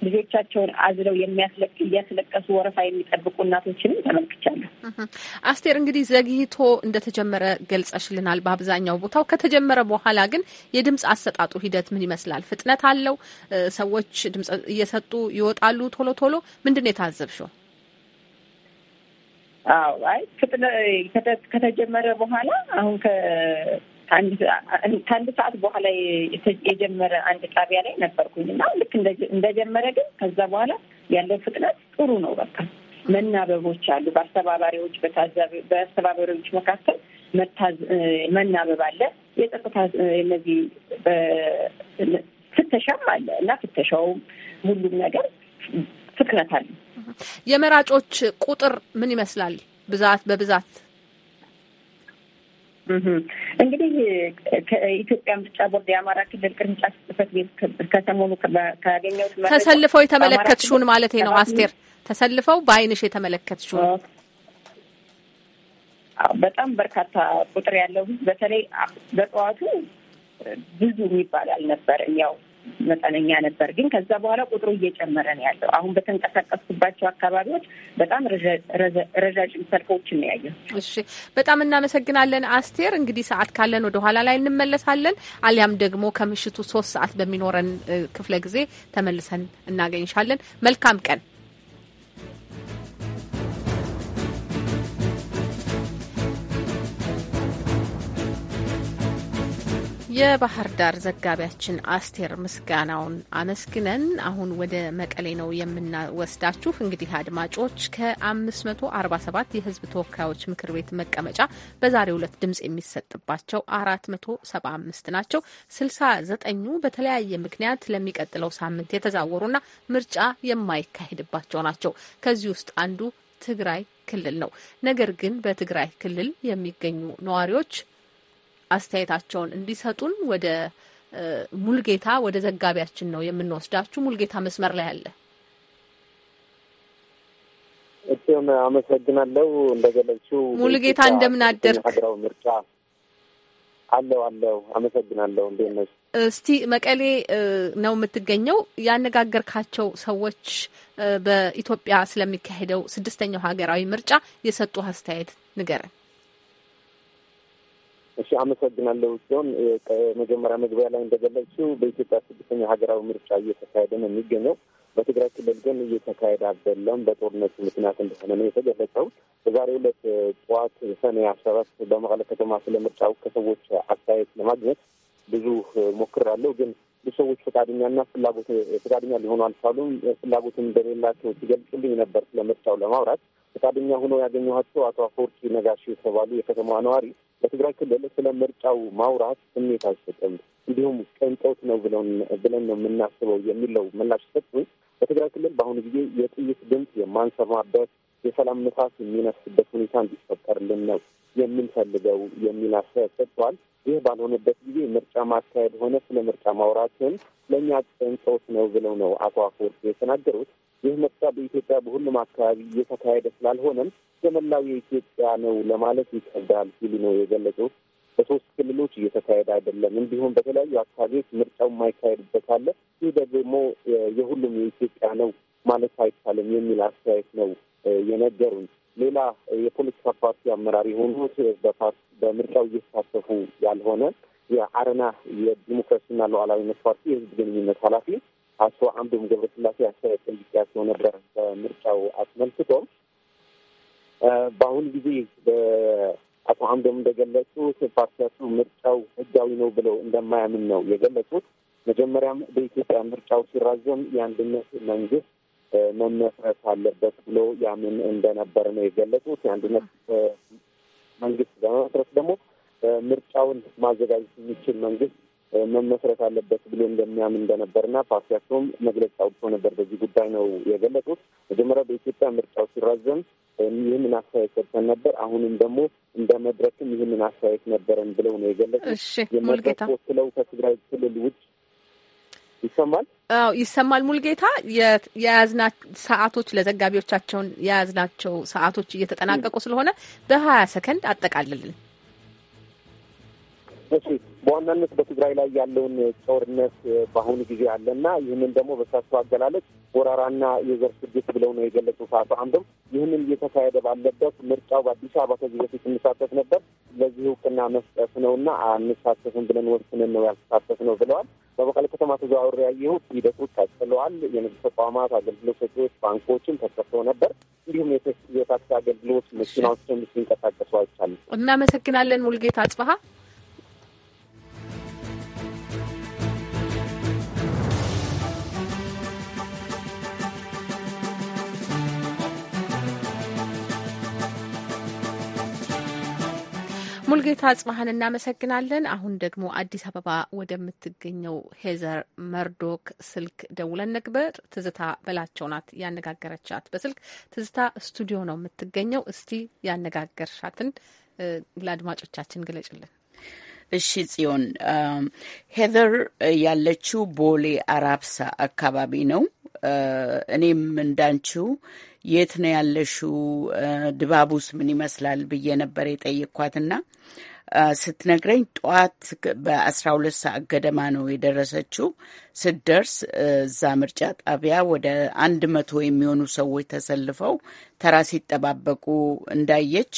ልጆቻቸውን አዝለው የሚያስለቅ እያስለቀሱ ወረፋ የሚጠብቁ እናቶችንም ተመልክቻለሁ። አስቴር እንግዲህ ዘግይቶ እንደተጀመረ ገልጸሽልናል። በአብዛኛው ቦታው ከተጀመረ በኋላ ግን የድምፅ አሰጣጡ ሂደት ምን ይመስላል? ፍጥነት አለው? ሰዎች ድምፅ እየሰጡ ይወጣሉ ቶሎ ቶሎ? ምንድን ነው የታዘብሽው? አዎ አይ ፍጥነ ከተጀመረ በኋላ አሁን ከአንድ ሰዓት በኋላ የጀመረ አንድ ጣቢያ ላይ ነበርኩኝ እና ልክ እንደጀመረ ግን ከዛ በኋላ ያለው ፍጥነት ጥሩ ነው። በቃ መናበቦች አሉ። በአስተባባሪዎች በአስተባባሪዎች መካከል መናበብ አለ። የጸጥታ እነዚህ ፍተሻም አለ እና ፍተሻውም ሁሉም ነገር ትኩረት አለ። የመራጮች ቁጥር ምን ይመስላል? ብዛት በብዛት እንግዲህ ከኢትዮጵያ ምርጫ ቦርድ የአማራ ክልል ቅርንጫፍ ጽሕፈት ቤት ከሰሞኑ ካገኘሁት ተሰልፈው የተመለከትሽውን ማለት ነው አስቴር፣ ተሰልፈው በአይንሽ የተመለከትሽውን በጣም በርካታ ቁጥር ያለው ህዝብ በተለይ በጠዋቱ ብዙ የሚባል አልነበረም። ያው መጠነኛ ነበር። ግን ከዛ በኋላ ቁጥሩ እየጨመረ ነው ያለው። አሁን በተንቀሳቀስኩባቸው አካባቢዎች በጣም ረዣዥም ሰልፎች ነው እሺ፣ በጣም እናመሰግናለን አስቴር። እንግዲህ ሰዓት ካለን ወደ ኋላ ላይ እንመለሳለን፣ አሊያም ደግሞ ከምሽቱ ሶስት ሰዓት በሚኖረን ክፍለ ጊዜ ተመልሰን እናገኝሻለን። መልካም ቀን። የባህር ዳር ዘጋቢያችን አስቴር ምስጋናውን አመስግነን አሁን ወደ መቀሌ ነው የምናወስዳችሁ። እንግዲህ አድማጮች ከ547 የህዝብ ተወካዮች ምክር ቤት መቀመጫ በዛሬው ዕለት ድምጽ የሚሰጥባቸው 475 ናቸው። 69ኙ በተለያየ ምክንያት ለሚቀጥለው ሳምንት የተዛወሩና ምርጫ የማይካሄድባቸው ናቸው። ከዚህ ውስጥ አንዱ ትግራይ ክልል ነው። ነገር ግን በትግራይ ክልል የሚገኙ ነዋሪዎች አስተያየታቸውን እንዲሰጡን ወደ ሙልጌታ ወደ ዘጋቢያችን ነው የምንወስዳችሁ። ሙልጌታ መስመር ላይ አለ። እም አመሰግናለሁ። እንደገለችው ሙልጌታ እንደምን አደርክ? ምርጫ አለው አለው። አመሰግናለሁ። እንዴት ነሽ? እስቲ መቀሌ ነው የምትገኘው። ያነጋገርካቸው ሰዎች በኢትዮጵያ ስለሚካሄደው ስድስተኛው ሀገራዊ ምርጫ የሰጡ አስተያየት ንገረን። እሺ አመሰግናለሁ ሲሆን መጀመሪያ መግቢያ ላይ እንደገለጽሽው በኢትዮጵያ ስድስተኛ ሀገራዊ ምርጫ እየተካሄደ ነው የሚገኘው። በትግራይ ክልል ግን እየተካሄደ አይደለም፣ በጦርነቱ ምክንያት እንደሆነ ነው የተገለጸው። በዛሬ ሁለት ጠዋት ሰኔ አስራ አራት በመቀለ ከተማ ስለ ምርጫው ከሰዎች አስተያየት ለማግኘት ብዙ አለው ግን ብዙ ሰዎች ፈቃደኛና ፍላጎት ፈቃደኛ ሊሆኑ አልቻሉም። ፍላጎትም እንደሌላቸው ሲገልጹልኝ ነበር። ስለ ምርጫው ለማውራት ፈቃደኛ ሆኖ ያገኘኋቸው አቶ አፈወርቂ ነጋሽ የተባሉ የከተማዋ ነዋሪ በትግራይ ክልል ስለ ምርጫው ማውራት ስሜት አይሰጥም፣ እንዲሁም ቅንጦት ነው ብለን ነው የምናስበው የሚለው ምላሽ ሰጡ። በትግራይ ክልል በአሁኑ ጊዜ የጥይት ድምፅ የማንሰማበት የሰላም ንፋስ የሚነፍስበት ሁኔታ እንዲፈጠርልን ነው የምንፈልገው የሚል አስተያየት ሰጥቷል። ይህ ባልሆነበት ጊዜ ምርጫ ማካሄድ ሆነ ስለ ምርጫ ማውራትን ለእኛ ቅንጦት ነው ብለው ነው አቶ አፈወርቅ የተናገሩት። ይህ ምርጫ በኢትዮጵያ በሁሉም አካባቢ እየተካሄደ ስላልሆነም የመላው የኢትዮጵያ ነው ለማለት ይከብዳል ሲሉ ነው የገለጹት። በሶስት ክልሎች እየተካሄደ አይደለም፣ እንዲሁም በተለያዩ አካባቢዎች ምርጫው የማይካሄድበት አለ። ይህ ደግሞ የሁሉም የኢትዮጵያ ነው ማለት አይቻልም የሚል አስተያየት ነው የነገሩን። ሌላ የፖለቲካ ፓርቲ አመራር የሆኑት በምርጫው እየተሳተፉ ያልሆነ የአረና የዲሞክራሲና ሉዓላዊነት ፓርቲ የህዝብ ግንኙነት ኃላፊ አቶ አምዶም ገብረስላሴ አስተያየት ጠይቄያቸው ነበር። በምርጫው አስመልክቶም በአሁኑ ጊዜ አቶ አምዶም እንደገለጹት ፓርቲያቸው ምርጫው ህጋዊ ነው ብለው እንደማያምን ነው የገለጹት። መጀመሪያም በኢትዮጵያ ምርጫው ሲራዘም የአንድነት መንግስት መመስረት አለበት ብሎ ያምን እንደነበር ነው የገለጹት። የአንድነት መንግስት በመመስረት ደግሞ ምርጫውን ማዘጋጀት የሚችል መንግስት መመስረት አለበት ብሎ እንደሚያምን እንደነበርና ፓርቲያቸውም መግለጫ አውጥቶ ነበር። በዚህ ጉዳይ ነው የገለጡት። መጀመሪያ በኢትዮጵያ ምርጫው ሲራዘም ይህንን አስተያየት ሰጥተን ነበር። አሁንም ደግሞ እንደ መድረክም ይህንን አስተያየት ነበረን ብለው ነው የገለጹት። የመድረክ ወክለው ከትግራይ ክልል ውጭ ይሰማል። አዎ ይሰማል። ሙልጌታ የያዝና ሰዓቶች ለዘጋቢዎቻቸውን የያዝናቸው ሰዓቶች እየተጠናቀቁ ስለሆነ በሀያ ሰከንድ አጠቃልልን። በዋናነት በትግራይ ላይ ያለውን ጦርነት በአሁኑ ጊዜ አለ እና ይህንን ደግሞ በሳቸው አገላለጽ ወረራና የዘር ፍጅት ብለው ነው የገለጹት አቶ አምዶም። ይህንን እየተካሄደ ባለበት ምርጫው በአዲስ አበባ ከዚህ በፊት እንሳተፍ ነበር፣ ለዚህ እውቅና መስጠት ነው እና አንሳተፍም ብለን ወስንን ነው ያልተሳተፍ ነው ብለዋል። በመቀለ ከተማ ተዘዋውሬ ያየሁት ሂደቶች ቀጥለዋል። የንግድ ተቋማት፣ አገልግሎት ሰጪዎች፣ ባንኮችም ተከፍተው ነበር። እንዲሁም የታክሲ አገልግሎት መኪናዎችም ሲንቀሳቀሱ አይቻልም። እናመሰግናለን ሙልጌታ አጽበሀ ሙልጌታ አጽማህን እናመሰግናለን። አሁን ደግሞ አዲስ አበባ ወደምትገኘው ሄዘር መርዶክ ስልክ ደውለን ነግበር ትዝታ በላቸው ናት ያነጋገረቻት በስልክ ትዝታ ስቱዲዮ ነው የምትገኘው። እስቲ ያነጋገርሻትን ለአድማጮቻችን ግለጭልን። እሺ ጽዮን፣ ሄዘር ያለችው ቦሌ አራብሳ አካባቢ ነው። እኔም እንዳንችው የት ነው ያለሽው ድባቡስ ምን ይመስላል ብዬ ነበር የጠየቅኳትና ስትነግረኝ ጠዋት በአስራ ሁለት ሰዓት ገደማ ነው የደረሰችው። ስትደርስ እዛ ምርጫ ጣቢያ ወደ አንድ መቶ የሚሆኑ ሰዎች ተሰልፈው ተራ ሲጠባበቁ እንዳየች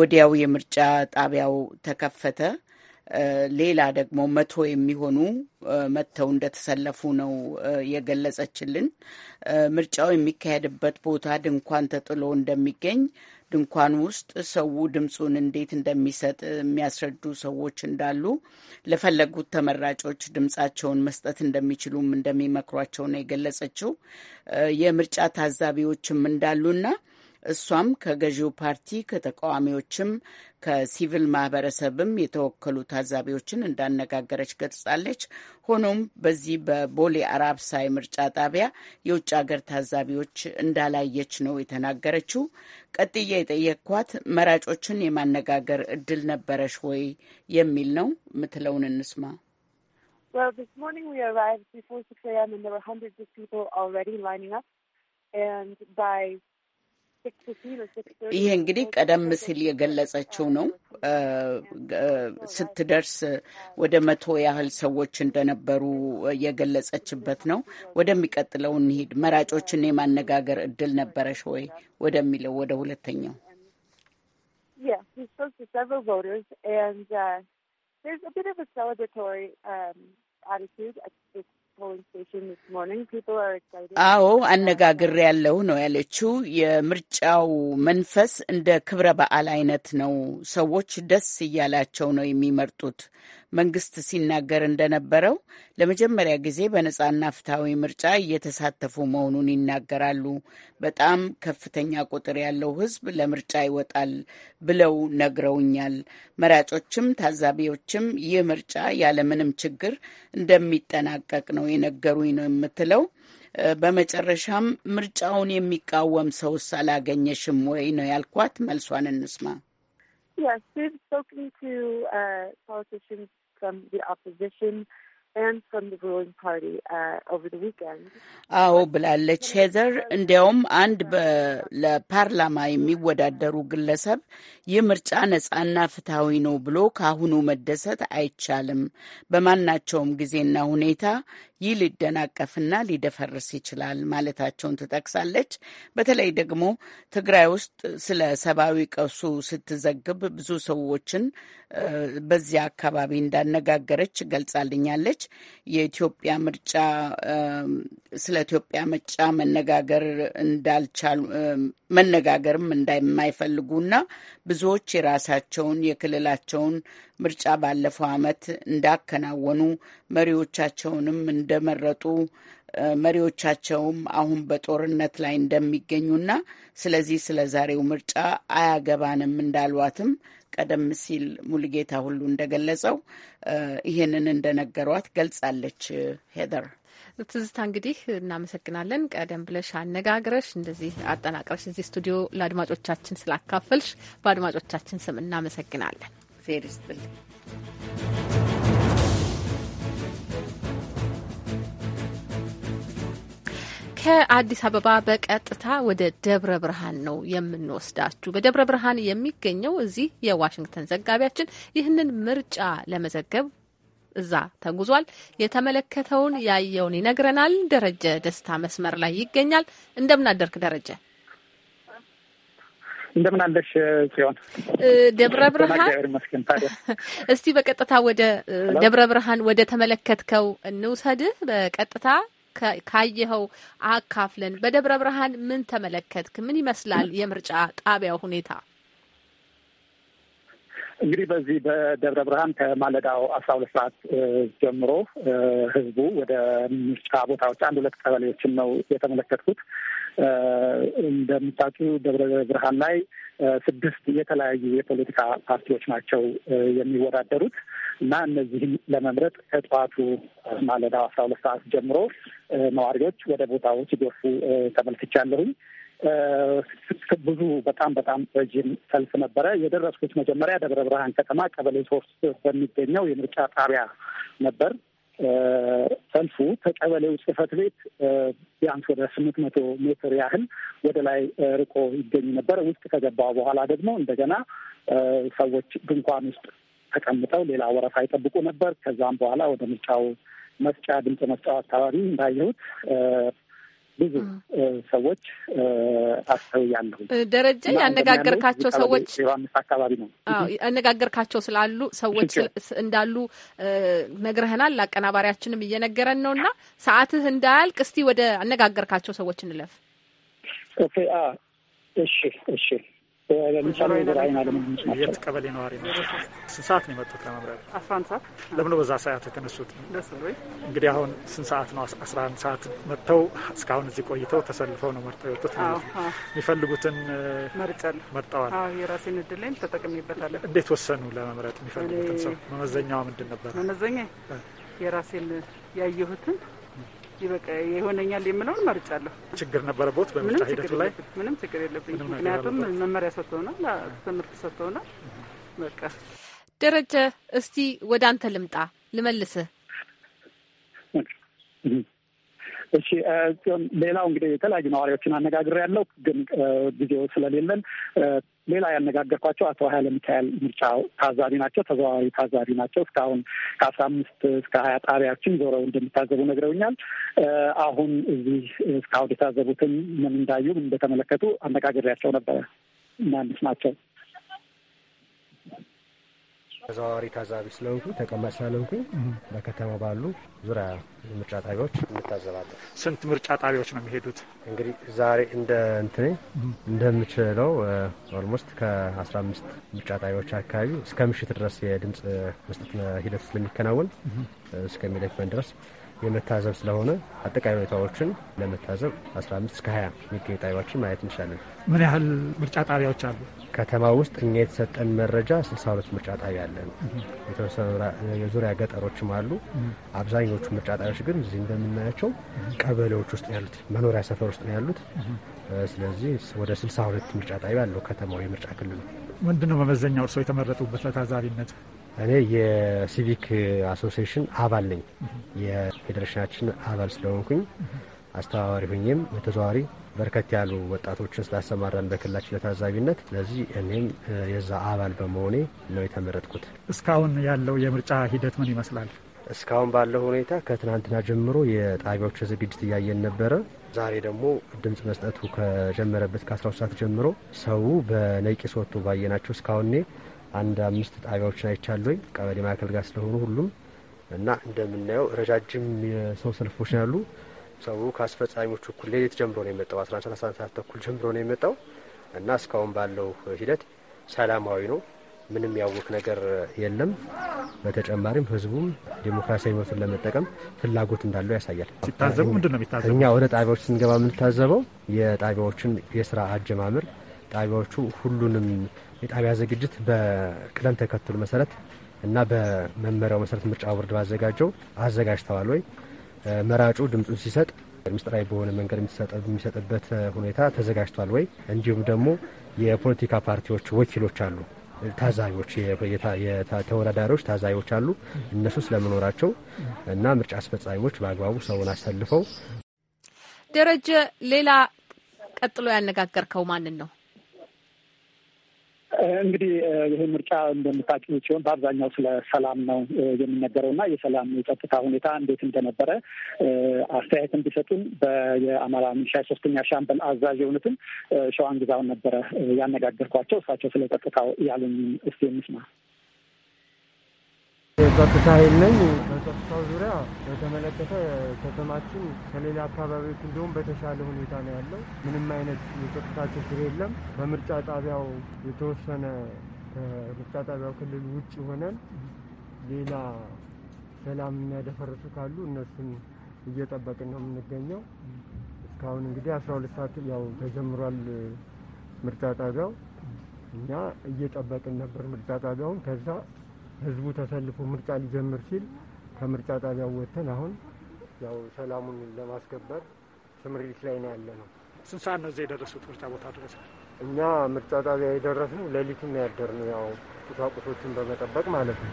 ወዲያው የምርጫ ጣቢያው ተከፈተ። ሌላ ደግሞ መቶ የሚሆኑ መጥተው እንደተሰለፉ ነው የገለጸችልን። ምርጫው የሚካሄድበት ቦታ ድንኳን ተጥሎ እንደሚገኝ ድንኳን ውስጥ ሰው ድምፁን እንዴት እንደሚሰጥ የሚያስረዱ ሰዎች እንዳሉ፣ ለፈለጉት ተመራጮች ድምፃቸውን መስጠት እንደሚችሉም እንደሚመክሯቸው ነው የገለጸችው። የምርጫ ታዛቢዎችም እንዳሉና እሷም ከገዢው ፓርቲ ከተቃዋሚዎችም ከሲቪል ማህበረሰብም የተወከሉ ታዛቢዎችን እንዳነጋገረች ገልጻለች። ሆኖም በዚህ በቦሌ አራብሳይ ምርጫ ጣቢያ የውጭ ሀገር ታዛቢዎች እንዳላየች ነው የተናገረችው። ቀጥዬ የጠየቅኳት መራጮችን የማነጋገር እድል ነበረሽ ወይ የሚል ነው። ምትለውን እንስማ። ይሄ እንግዲህ ቀደም ሲል የገለጸችው ነው። ስትደርስ ወደ መቶ ያህል ሰዎች እንደነበሩ የገለጸችበት ነው። ወደሚቀጥለው እንሂድ። መራጮችን የማነጋገር እድል ነበረሽ ወይ ወደሚለው ወደ ሁለተኛው አዎ አነጋግር ያለው ነው ያለችው። የምርጫው መንፈስ እንደ ክብረ በዓል አይነት ነው። ሰዎች ደስ እያላቸው ነው የሚመርጡት። መንግስት ሲናገር እንደነበረው ለመጀመሪያ ጊዜ በነጻና ፍትሐዊ ምርጫ እየተሳተፉ መሆኑን ይናገራሉ። በጣም ከፍተኛ ቁጥር ያለው ህዝብ ለምርጫ ይወጣል ብለው ነግረውኛል። መራጮችም ታዛቢዎችም ይህ ምርጫ ያለምንም ችግር እንደሚጠናቀቅ ነው የነገሩኝ ነው የምትለው። በመጨረሻም ምርጫውን የሚቃወም ሰውስ አላገኘሽም ወይ ነው ያልኳት። መልሷን እንስማ። Yes, we've spoken to uh, politicians from the opposition and from the ruling party uh, over the weekend. አዎ ብላለች ሄዘር። እንዲያውም አንድ ለፓርላማ የሚወዳደሩ ግለሰብ ይህ ምርጫ ነጻና ፍትሐዊ ነው ብሎ ካሁኑ መደሰት አይቻልም። በማናቸውም ጊዜና ሁኔታ ይህ ሊደናቀፍና ሊደፈርስ ይችላል ማለታቸውን ትጠቅሳለች። በተለይ ደግሞ ትግራይ ውስጥ ስለ ሰብአዊ ቀውሱ ስትዘግብ ብዙ ሰዎችን በዚያ አካባቢ እንዳነጋገረች ገልጻልኛለች። የኢትዮጵያ ምርጫ ስለ ኢትዮጵያ ምርጫ መነጋገር እንዳልቻሉ መነጋገርም እንደማይፈልጉና ብዙዎች የራሳቸውን የክልላቸውን ምርጫ ባለፈው ዓመት እንዳከናወኑ መሪዎቻቸውንም እንደመረጡ መሪዎቻቸውም አሁን በጦርነት ላይ እንደሚገኙና ስለዚህ ስለ ዛሬው ምርጫ አያገባንም እንዳሏትም ቀደም ሲል ሙልጌታ ሁሉ እንደገለጸው ይህንን እንደነገሯት ገልጻለች ሄደር። ትዝታ እንግዲህ እናመሰግናለን። ቀደም ብለሽ አነጋግረሽ እንደዚህ አጠናቅረሽ እዚህ ስቱዲዮ ለአድማጮቻችን ስላካፈልሽ በአድማጮቻችን ስም እናመሰግናለን። እግዜር ይስጥልኝ። ከአዲስ አበባ በቀጥታ ወደ ደብረ ብርሃን ነው የምንወስዳችሁ። በደብረ ብርሃን የሚገኘው እዚህ የዋሽንግተን ዘጋቢያችን ይህንን ምርጫ ለመዘገብ እዛ ተጉዟል። የተመለከተውን ያየውን ይነግረናል። ደረጀ ደስታ መስመር ላይ ይገኛል። እንደምናደርግ ደረጀ እንደምን አለሽ ጽዮን? ደብረ ብርሃን እስቲ በቀጥታ ወደ ደብረ ብርሃን ወደ ተመለከትከው እንውሰድህ። በቀጥታ ካየኸው አካፍለን። በደብረ ብርሃን ምን ተመለከትክ? ምን ይመስላል የምርጫ ጣቢያው ሁኔታ? እንግዲህ በዚህ በደብረ ብርሃን ከማለዳው አስራ ሁለት ሰዓት ጀምሮ ህዝቡ ወደ ምርጫ ቦታዎች አንድ ሁለት ቀበሌዎችን ነው የተመለከትኩት። እንደምታውቂው ደብረ ብርሃን ላይ ስድስት የተለያዩ የፖለቲካ ፓርቲዎች ናቸው የሚወዳደሩት እና እነዚህም ለመምረጥ ከጠዋቱ ማለዳው አስራ ሁለት ሰዓት ጀምሮ ነዋሪዎች ወደ ቦታዎች ሲገፉ ተመልክቻለሁኝ። ብዙ በጣም በጣም ረጅም ሰልፍ ነበረ። የደረስኩት መጀመሪያ ደብረ ብርሃን ከተማ ቀበሌ ሶስት በሚገኘው የምርጫ ጣቢያ ነበር። ሰልፉ ከቀበሌው ጽህፈት ቤት ቢያንስ ወደ ስምንት መቶ ሜትር ያህል ወደ ላይ ርቆ ይገኝ ነበር። ውስጥ ከገባ በኋላ ደግሞ እንደገና ሰዎች ድንኳን ውስጥ ተቀምጠው ሌላ ወረፋ ይጠብቁ ነበር። ከዛም በኋላ ወደ ምርጫው መስጫ ድምፅ መስጫው አካባቢ እንዳየሁት ብዙ ሰዎች አስተውያለሁ። ደረጀ ያነጋገርካቸው ሰዎች ዮሐንስ አካባቢ ነው ያነጋገርካቸው ስላሉ ሰዎች እንዳሉ ነግረህናል። ለአቀናባሪያችንም እየነገረን ነው እና ሰዓትህ እንዳያልቅ እስቲ ወደ አነጋገርካቸው ሰዎች እንለፍ። እሺ ለምሳሌ ወደ አይን አለም የት ቀበሌ ነዋሪ ነው? ስንት ሰዓት ነው የመጡት ለመምረጥ? አስራ አንድ ሰዓት። ለምን በዛ ሰዓት የተነሱት? እንግዲህ አሁን ስንት ሰዓት ነው? አስራ አንድ ሰዓት መጥተው እስካሁን እዚህ ቆይተው ተሰልፈው ነው መርጠው የወጡት ማለት ነው። የሚፈልጉትን መርጠዋል። የራሴን እድል ላይም ተጠቅሜበታለሁ። እንዴት ወሰኑ ለመምረጥ የሚፈልጉትን ሰው? መመዘኛዋ ምንድን ነበር? መመዘኛ የራሴን ያየሁትን ይበቃ ይሆነኛል የምለውን መርጫለሁ። ችግር ነበረቦት በምርጫ ሂደቱ ላይ ምንም ችግር የለብኝ። ምክንያቱም መመሪያ ሰጥተውናል፣ ትምህርት ሰጥተውናል። በቃ ደረጀ፣ እስቲ ወደ አንተ ልምጣ ልመልስህ። እሺ ሌላው እንግዲህ የተለያዩ ነዋሪዎችን አነጋግሬ ያለው ግን ጊዜው ስለሌለን ሌላ ያነጋገርኳቸው አቶ ኃይለ ሚካኤል ምርጫ ታዛቢ ናቸው፣ ተዘዋዋሪ ታዛቢ ናቸው። እስካሁን ከአስራ አምስት እስከ ሀያ ጣቢያችን ዞረው እንደሚታዘቡ ነግረውኛል። አሁን እዚህ እስካሁን የታዘቡትን ምን እንዳዩ ምን እንደተመለከቱ አነጋግሬያቸው ነበረ። እናንስ ናቸው ተዘዋዋሪ ታዛቢ ስለሆንኩ ተቀማጭ ስላልሆንኩ በከተማ ባሉ ዙሪያ ምርጫ ጣቢያዎች እንታዘባለን። ስንት ምርጫ ጣቢያዎች ነው የሚሄዱት? እንግዲህ ዛሬ እንደ እንትኔ እንደምችለው ኦልሞስት ከ15 ምርጫ ጣቢያዎች አካባቢ እስከ ምሽት ድረስ የድምፅ መስጠት ሂደት ስለሚከናወን እስከሚለክመን ድረስ የመታዘብ ስለሆነ አጠቃላይ ሁኔታዎችን ለመታዘብ 15 እስከ 20 የሚገኝ ጣቢያዎችን ማየት እንችላለን። ምን ያህል ምርጫ ጣቢያዎች አሉ? ከተማ ውስጥ እኛ የተሰጠን መረጃ ስልሳ ሁለት ምርጫ ጣቢያ አለን። የተወሰኑ የዙሪያ ገጠሮችም አሉ። አብዛኞቹ ምርጫ ጣቢያዎች ግን እዚህ እንደምናያቸው ቀበሌዎች ውስጥ ያሉት መኖሪያ ሰፈር ውስጥ ነው ያሉት። ስለዚህ ወደ ስልሳ ሁለት ምርጫ ጣቢያ አለው ከተማው የምርጫ ክልሉ። ምንድን ነው መመዘኛው እርስዎ የተመረጡበት ለታዛቢነት? እኔ የሲቪክ አሶሲሽን አባል ነኝ። የፌዴሬሽናችን አባል ስለሆንኩኝ አስተባባሪ ሁኝም በተዘዋዋሪ በርከት ያሉ ወጣቶችን ስላሰማራን በክላችን ለታዛቢነት። ስለዚህ እኔም የዛ አባል በመሆኔ ነው የተመረጥኩት። እስካሁን ያለው የምርጫ ሂደት ምን ይመስላል? እስካሁን ባለው ሁኔታ ከትናንትና ጀምሮ የጣቢያዎች ዝግጅት እያየን ነበረ። ዛሬ ደግሞ ድምፅ መስጠቱ ከጀመረበት ከ12 ሰዓት ጀምሮ ሰው በነቂስ ወጥቶ ባየናቸው እስካሁን አንድ አምስት ጣቢያዎችን አይቻለኝ ቀበሌ ማዕከል ጋር ስለሆኑ ሁሉም እና እንደምናየው ረጃጅም የሰው ሰልፎች ያሉ ሰው ከአስፈጻሚዎቹ እኩል ሌሊት ጀምሮ ነው የመጣው። አስራ አንድ ሰዓት ሰዓት ተኩል ጀምሮ ነው የመጣው እና እስካሁን ባለው ሂደት ሰላማዊ ነው። ምንም ያወቅ ነገር የለም። በተጨማሪም ህዝቡም ዴሞክራሲያዊ መብቱን ለመጠቀም ፍላጎት እንዳለው ያሳያል። ሲታዘቡ ምንድን ነው የሚታዘቡ? እኛ ወደ ጣቢያዎች ስንገባ የምንታዘበው የጣቢያዎችን የስራ አጀማመር፣ ጣቢያዎቹ ሁሉንም የጣቢያ ዝግጅት በቅደም ተከተሉ መሰረት እና በመመሪያው መሰረት ምርጫ ቦርድ ባዘጋጀው አዘጋጅተዋል ወይ መራጩ ድምፁን ሲሰጥ ምስጢራዊ በሆነ መንገድ የሚሰጥበት ሁኔታ ተዘጋጅቷል ወይ? እንዲሁም ደግሞ የፖለቲካ ፓርቲዎች ወኪሎች አሉ፣ ታዛቢዎች፣ ተወዳዳሪዎች ታዛቢዎች አሉ። እነሱ ስለመኖራቸው እና ምርጫ አስፈጻሚዎች በአግባቡ ሰውን አሰልፈው ደረጀ ሌላ ቀጥሎ ያነጋገርከው ማንን ነው? እንግዲህ ይህ ምርጫ እንደምታውቂው ሲሆን በአብዛኛው ስለ ሰላም ነው የሚነገረው እና የሰላም የጸጥታ ሁኔታ እንዴት እንደነበረ አስተያየት እንዲሰጡን የአማራ ሚሊሻ ሶስተኛ ሻምበል አዛዥ የሆኑትን ሸዋን ግዛውን ነበረ ያነጋገርኳቸው። እሳቸው ስለ ጸጥታው ያሉኝ እስቲ እንስማ። የጸጥታ ኃይል ነኝ። በጸጥታው ዙሪያ በተመለከተ ከተማችን ከሌላ አካባቢዎች እንዲሁም በተሻለ ሁኔታ ነው ያለው። ምንም አይነት የጸጥታ ችግር የለም። በምርጫ ጣቢያው የተወሰነ ከምርጫ ጣቢያው ክልል ውጭ ሆነን ሌላ ሰላም የሚያደፈርሱ ካሉ እነሱን እየጠበቅን ነው የምንገኘው። እስካሁን እንግዲህ አስራ ሁለት ሰዓት ያው ተጀምሯል ምርጫ ጣቢያው። እኛ እየጠበቅን ነበር ምርጫ ጣቢያውን ከዛ ህዝቡ ተሰልፎ ምርጫ ሊጀምር ሲል ከምርጫ ጣቢያው ወጥተን አሁን ያው ሰላሙን ለማስከበር ስምሪት ላይ ነው ያለ ነው። ስንት ሰዓት ነው እዚያ የደረሱት? ምርጫ ቦታ ድረስ እኛ ምርጫ ጣቢያ የደረስነው ሌሊቱን ያደርነው ያው ቁሳቁሶችን በመጠበቅ ማለት ነው።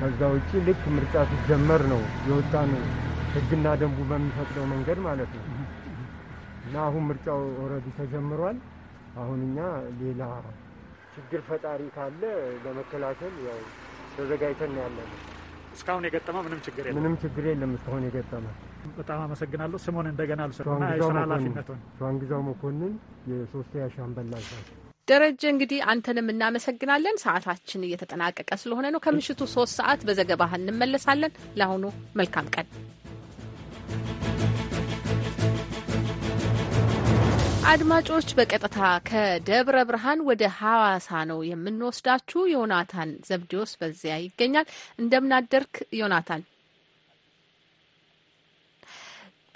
ከዛ ውጭ ልክ ምርጫ ሲጀመር ነው ነው ህግና ደንቡ በሚፈቅደው መንገድ ማለት ነው። እና አሁን ምርጫው ኦልሬዲ ተጀምሯል። አሁን እኛ ሌላ ችግር ፈጣሪ ካለ ለመከላከል ያው ተዘጋጅተን ነው ያለ። እስካሁን የገጠመው ምንም ችግር የለም። ምንም ችግር የለም እስካሁን የገጠመ። በጣም አመሰግናለሁ። ስሙን እንደገና ልስና የስራ ኃላፊነቱን ሸዋንግዛው መኮንን የሶስተኛ ሻምበል ደረጀ እንግዲህ አንተንም እናመሰግናለን። ሰዓታችን እየተጠናቀቀ ስለሆነ ነው። ከምሽቱ ሶስት ሰዓት በዘገባህ እንመለሳለን። ለአሁኑ መልካም ቀን። አድማጮች በቀጥታ ከደብረ ብርሃን ወደ ሐዋሳ ነው የምንወስዳችሁ። ዮናታን ዘብዲዎስ በዚያ ይገኛል። እንደምናደርክ ዮናታን።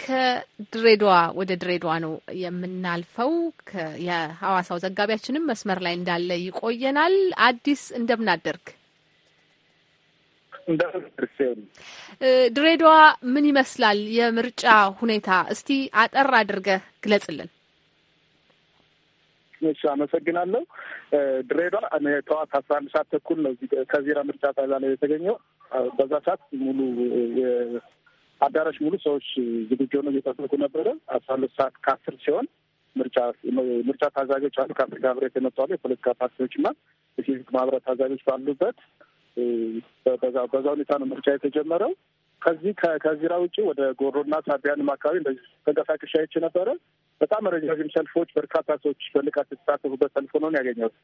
ከድሬዳዋ ወደ ድሬዳዋ ነው የምናልፈው። የሐዋሳው ዘጋቢያችንም መስመር ላይ እንዳለ ይቆየናል። አዲስ እንደምናደርግ ድሬዳዋ ምን ይመስላል? የምርጫ ሁኔታ እስቲ አጠር አድርገህ ግለጽልን። ጋዜጠኞች አመሰግናለሁ። ድሬዳዋ ጠዋት አስራ አንድ ሰዓት ተኩል ነው ከዜራ ምርጫ ጣቢያ ላይ የተገኘው። በዛ ሰዓት ሙሉ አዳራሽ ሙሉ ሰዎች ዝግጁ ሆነው እየጠበቁ ነበረ። አስራ ሁለት ሰዓት ከአስር ሲሆን ምርጫ ታዛቢዎች አሉ። ከአፍሪካ ህብረት የመጡ አሉ። የፖለቲካ ፓርቲዎች እና የሲቪክ ማህበራት ታዛቢዎች ባሉበት በዛ ሁኔታ ነው ምርጫ የተጀመረው። ከዚህ ከዚራ ውጭ ወደ ጎሮና ሳቢያንም አካባቢ እንደዚህ ተንቀሳቀሻ አይቼ ነበረ። በጣም ረጃዥም ሰልፎች፣ በርካታ ሰዎች በንቃት የተሳተፉበት ሰልፍ ሆኖ ነው ያገኘሁት።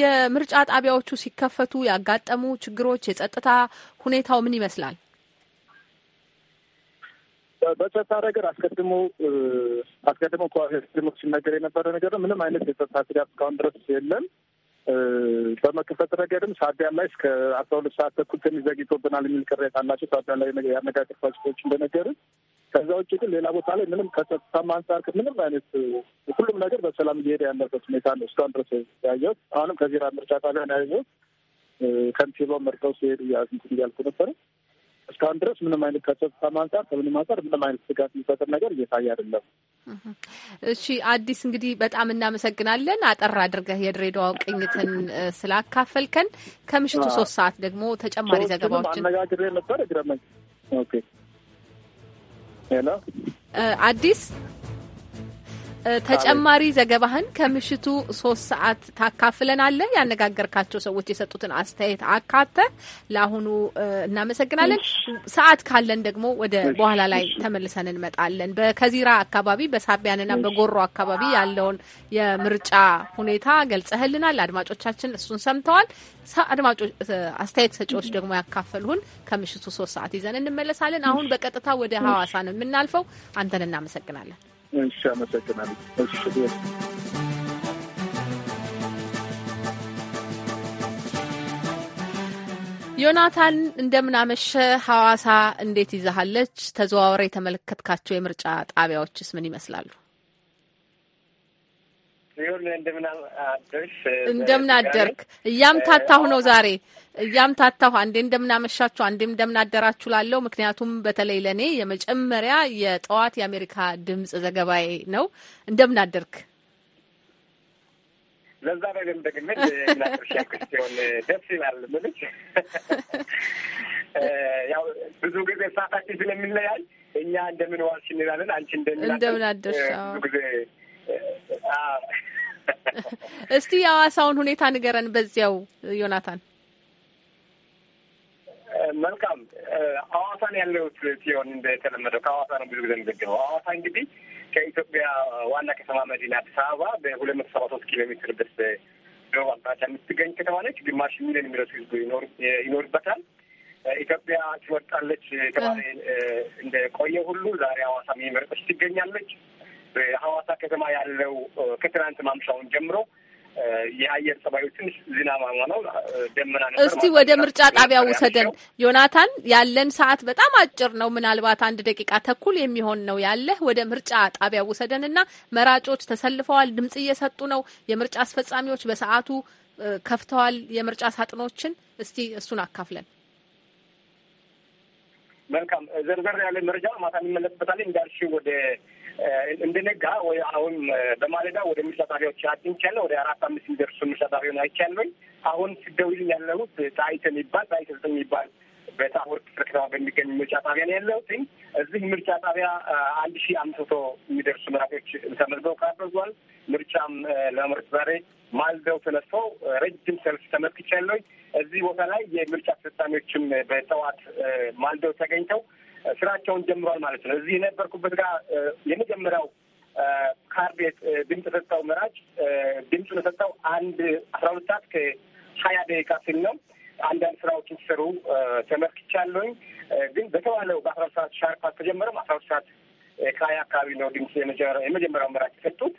የምርጫ ጣቢያዎቹ ሲከፈቱ ያጋጠሙ ችግሮች፣ የጸጥታ ሁኔታው ምን ይመስላል? በጸጥታ ነገር አስቀድሞ አስቀድሞ ሲነገር የነበረ ነገር ምንም አይነት የጸጥታ ስጋት እስካሁን ድረስ የለም። በመክፈት ረገድም ሳቢያን ላይ እስከ አስራ ሁለት ሰዓት ተኩል ትንሽ ዘግይቶብናል የሚል ቅሬታ አላቸው። ሳቢያን ላይ የአነጋገር ፋሲቶች እንደነገርን ከዛ ውጭ ግን ሌላ ቦታ ላይ ምንም ከጸጥታም አንጻር ምንም አይነት ሁሉም ነገር በሰላም እየሄደ ያለበት ሁኔታ ነው እስካሁን ድረስ ያየሁት። አሁንም ከዜራ ምርጫ ጣቢያን ነው ያየሁት። ከንቲባው መርጠው ሲሄዱ እያልኩ ነበረ እስካሁን ድረስ ምንም አይነት ከጸጥታ አንጻር ከምንም አንጻር ምንም አይነት ስጋት የሚፈጥር ነገር እየታየ አይደለም። እሺ፣ አዲስ እንግዲህ በጣም እናመሰግናለን። አጠር አድርገህ የድሬዳዋ ቅኝትን ስላካፈልከን። ከምሽቱ ሶስት ሰዓት ደግሞ ተጨማሪ ዘገባዎችን አነጋግሬ ነበር። እግረመኝ ሄሎ አዲስ ተጨማሪ ዘገባህን ከምሽቱ ሶስት ሰዓት ታካፍለናለ ያነጋገርካቸው ሰዎች የሰጡትን አስተያየት አካተ ለአሁኑ እናመሰግናለን። ሰዓት ካለን ደግሞ ወደ በኋላ ላይ ተመልሰን እንመጣለን። በከዚራ አካባቢ በሳቢያንና በጎሮ አካባቢ ያለውን የምርጫ ሁኔታ ገልጸህልናል። አድማጮቻችን እሱን ሰምተዋል። አድማጮች፣ አስተያየት ሰጪዎች ደግሞ ያካፈሉን ከምሽቱ ሶስት ሰዓት ይዘን እንመለሳለን። አሁን በቀጥታ ወደ ሀዋሳ ነው የምናልፈው። አንተን እናመሰግናለን። እሺ፣ አመሰግናለሁ። ዮናታን እንደምናመሸ። ሐዋሳ እንዴት ይዛሃለች? ተዘዋውረ የተመለከትካቸው የምርጫ ጣቢያዎችስ ምን ይመስላሉ? ይሁን እንደምን አደርሽ አደርክ። እያምታታሁ ነው ዛሬ እያምታታሁ አንዴ እንደምናመሻችሁ አንዴ እንደምናደራችሁ ላለው ምክንያቱም በተለይ ለእኔ የመጀመሪያ የጠዋት የአሜሪካ ድምጽ ዘገባዬ ነው። እንደምናደርክ ለዛ በግም ደግነት ምናደርሽ ያክስቲሆን ደስ ይላል ምልች ያው ብዙ ጊዜ ሰዓታችን ስለሚለያይ እኛ እንደምን ዋልሽ እንላለን። አንቺ እንደምን እንደምን አደርሽ ብዙ ጊዜ እስቲ የሐዋሳውን ሁኔታ ንገረን በዚያው ዮናታን። መልካም ሐዋሳን ያለሁት ሲሆን እንደተለመደው ከሐዋሳ ነው ብዙ ጊዜ የምዘግበው። ሐዋሳ እንግዲህ ከኢትዮጵያ ዋና ከተማ መዲና አዲስ አበባ በሁለት መቶ ሰባ ሶስት ኪሎ ሜትር በስተ ደቡብ አቅጣጫ የምትገኝ ከተማ ነች። ግማሽ ሚሊዮን የሚረሱ ህዝቡ ይኖርበታል። ኢትዮጵያ ትወጣለች የተባለ እንደ ቆየ ሁሉ ዛሬ ሐዋሳ የሚመርጠች ትገኛለች። በሐዋሳ ከተማ ያለው ከትናንት ማምሻውን ጀምሮ የአየር ጸባዩ ትንሽ ዝናባማ ነው፣ ደመና ነበር። እስቲ ወደ ምርጫ ጣቢያ ውሰደን ዮናታን። ያለን ሰዓት በጣም አጭር ነው፣ ምናልባት አንድ ደቂቃ ተኩል የሚሆን ነው ያለህ። ወደ ምርጫ ጣቢያ ውሰደን እና መራጮች ተሰልፈዋል፣ ድምጽ እየሰጡ ነው። የምርጫ አስፈጻሚዎች በሰዓቱ ከፍተዋል የምርጫ ሳጥኖችን። እስቲ እሱን አካፍለን። መልካም ዘርዘር ያለ መረጃ ማታ የሚመለስበታል። እንዳልሽ ወደ እንድነጋ ወይ አሁን በማለዳ ወደ ምርጫ ጣቢያዎች አግኝቻለሁ። ወደ አራት አምስት የሚደርሱ ምርጫ አይቻለኝ። አሁን ስደውል ያለሁት ጣይት የሚባል ጣይት ዘጠኝ የሚባል በታወርቅ ክፍለ ከተማ በሚገኝ ምርጫ ጣቢያ ነው ያለሁትኝ። እዚህ ምርጫ ጣቢያ አንድ ሺህ አምስት መቶ የሚደርሱ መራጮች ተመዝገው ካበዟል። ምርጫም ለመምረጥ ዛሬ ማልደው ተነስተው ረጅም ሰልፍ ተመልክቻለሁኝ። እዚህ ቦታ ላይ የምርጫ አስፈጻሚዎችም በጠዋት ማልደው ተገኝተው ስራቸውን ጀምሯል ማለት ነው። እዚህ የነበርኩበት ጋር የመጀመሪያው ካርቤት ድምፅ ሰጠው መራጭ ድምፁ ሰጠው አንድ አስራ ሁለት ሰዓት ከሀያ ደቂቃ ሲል ነው። አንዳንድ ስራዎችን ሲሰሩ ተመልክቻለሁኝ። ግን በተባለው በአስራ ሁለት ሰዓት ሻርፕ አልተጀመረም። አስራ ሁለት ሰዓት ከሀያ አካባቢ ነው ድምፅ የመጀመሪያው መራጭ የሰጡት።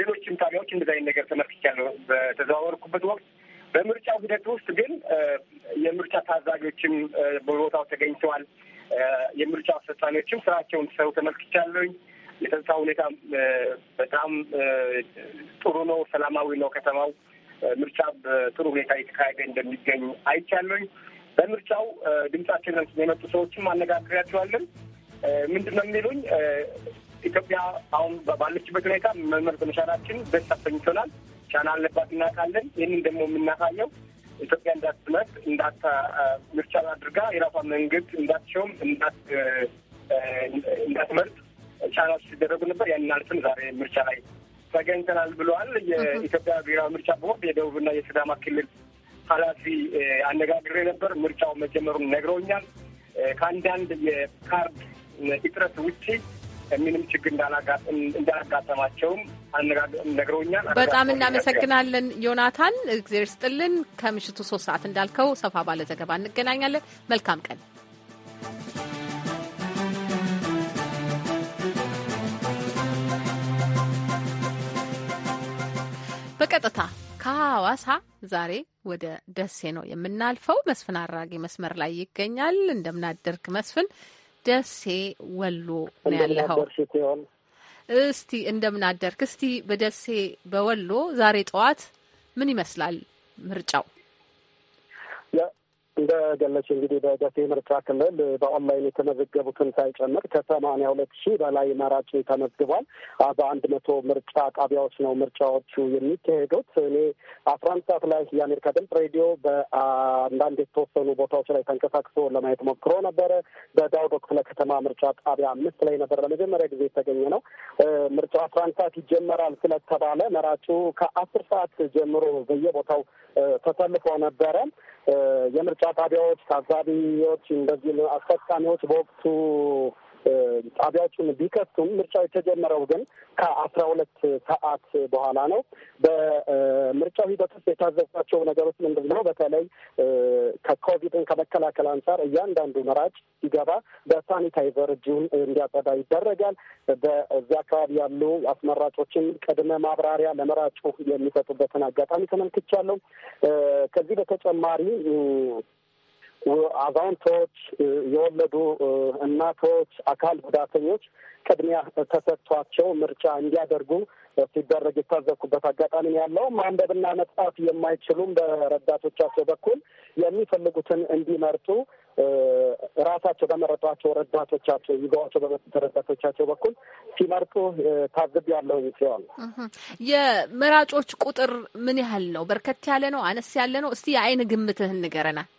ሌሎችም ጣቢያዎች እንደዛ አይነት ነገር ተመልክቻለሁ በተዘዋወርኩበት ወቅት። በምርጫው ሂደት ውስጥ ግን የምርጫ ታዛቢዎችም በቦታው ተገኝተዋል። የምርጫ አስፈጻሚዎችም ስራቸውን ሰው ተመልክቻለኝ። የተንሳ ሁኔታ በጣም ጥሩ ነው፣ ሰላማዊ ነው። ከተማው ምርጫ በጥሩ ሁኔታ የተካሄደ እንደሚገኝ አይቻለኝ። በምርጫው ድምጻችንን የመጡ ሰዎችም አነጋግሬያቸዋለን። ምንድን ነው የሚሉኝ? ኢትዮጵያ አሁን ባለችበት ሁኔታ መመር በመቻላችን ደስ አሰኝቶናል። ጫና አለባት እናውቃለን። ይህንን ደግሞ የምናሳየው ኢትዮጵያ እንዳትመጥ እንዳታ ምርጫ አድርጋ የራሷን መንግስት እንዳትሸውም እንዳትመርጥ ጫናዎች ሲደረጉ ነበር። ያንን አልፈን ዛሬ ምርጫ ላይ ተገኝተናል ብለዋል። የኢትዮጵያ ብሔራዊ ምርጫ ቦርድ የደቡብና የስዳማ ክልል ኃላፊ አነጋግሬ ነበር። ምርጫው መጀመሩን ነግረውኛል። ከአንዳንድ የካርድ እጥረት ውጪ ምንም ችግር እንዳላጋጠማቸውም ነግረውኛል። በጣም እናመሰግናለን ዮናታን፣ እግዜር ስጥልን። ከምሽቱ ሶስት ሰዓት እንዳልከው ሰፋ ባለ ዘገባ እንገናኛለን። መልካም ቀን። በቀጥታ ከሐዋሳ ዛሬ ወደ ደሴ ነው የምናልፈው። መስፍን አራጌ መስመር ላይ ይገኛል። እንደምናደርግ መስፍን ደሴ ወሎ ነው ያለኸው። እስቲ እንደምን አደርክ? እስቲ በደሴ በወሎ ዛሬ ጠዋት ምን ይመስላል ምርጫው? እንደገለች እንግዲህ በደሴ ምርጫ ክልል በኦንላይን የተመዘገቡትን ሳይጨምር ከሰማንያ ሁለት ሺህ በላይ መራጭ ተመዝግቧል። በአንድ መቶ ምርጫ ጣቢያዎች ነው ምርጫዎቹ የሚካሄዱት። እኔ አስራ አንድ ሰዓት ላይ የአሜሪካ ድምፅ ሬዲዮ በአንዳንድ የተወሰኑ ቦታዎች ላይ ተንቀሳቅሶ ለማየት ሞክሮ ነበረ። በዳውዶ ክፍለ ከተማ ምርጫ ጣቢያ አምስት ላይ ነበር ለመጀመሪያ ጊዜ የተገኘ ነው። ምርጫው አስራ አንድ ሰዓት ይጀመራል ስለተባለ መራጩ ከአስር ሰዓት ጀምሮ በየቦታው ተሰልፎ ነበረ የምርጫ አሳታቢዎች፣ ታዛቢዎች እንደዚህ አስፈጻሚዎች በወቅቱ ጣቢያዎቹን ቢከፍቱም ምርጫው የተጀመረው ግን ከአስራ ሁለት ሰዓት በኋላ ነው። በምርጫው ሂደት ውስጥ የታዘቧቸው ነገሮች ምንድን ነው? በተለይ ከኮቪድን ከመከላከል አንጻር እያንዳንዱ መራጭ ሲገባ በሳኒታይዘር እጅን እንዲያጸዳ ይደረጋል። በዚያ አካባቢ ያሉ አስመራጮችን ቅድመ ማብራሪያ ለመራጩ የሚሰጡበትን አጋጣሚ ተመልክቻለሁ። ከዚህ በተጨማሪ አዛውንቶች፣ የወለዱ እናቶች፣ አካል ጉዳተኞች ቅድሚያ ተሰጥቷቸው ምርጫ እንዲያደርጉ ሲደረግ የታዘብኩበት አጋጣሚ ያለው ማንበብና መጻፍ የማይችሉም በረዳቶቻቸው በኩል የሚፈልጉትን እንዲመርጡ ራሳቸው በመረጧቸው ረዳቶቻቸው ይዘዋቸው በመጡት ረዳቶቻቸው በኩል ሲመርጡ ታዝብ ያለው ሲሆን የመራጮች ቁጥር ምን ያህል ነው? በርከት ያለ ነው? አነስ ያለ ነው? እስቲ የአይን ግምትህን ንገረናል።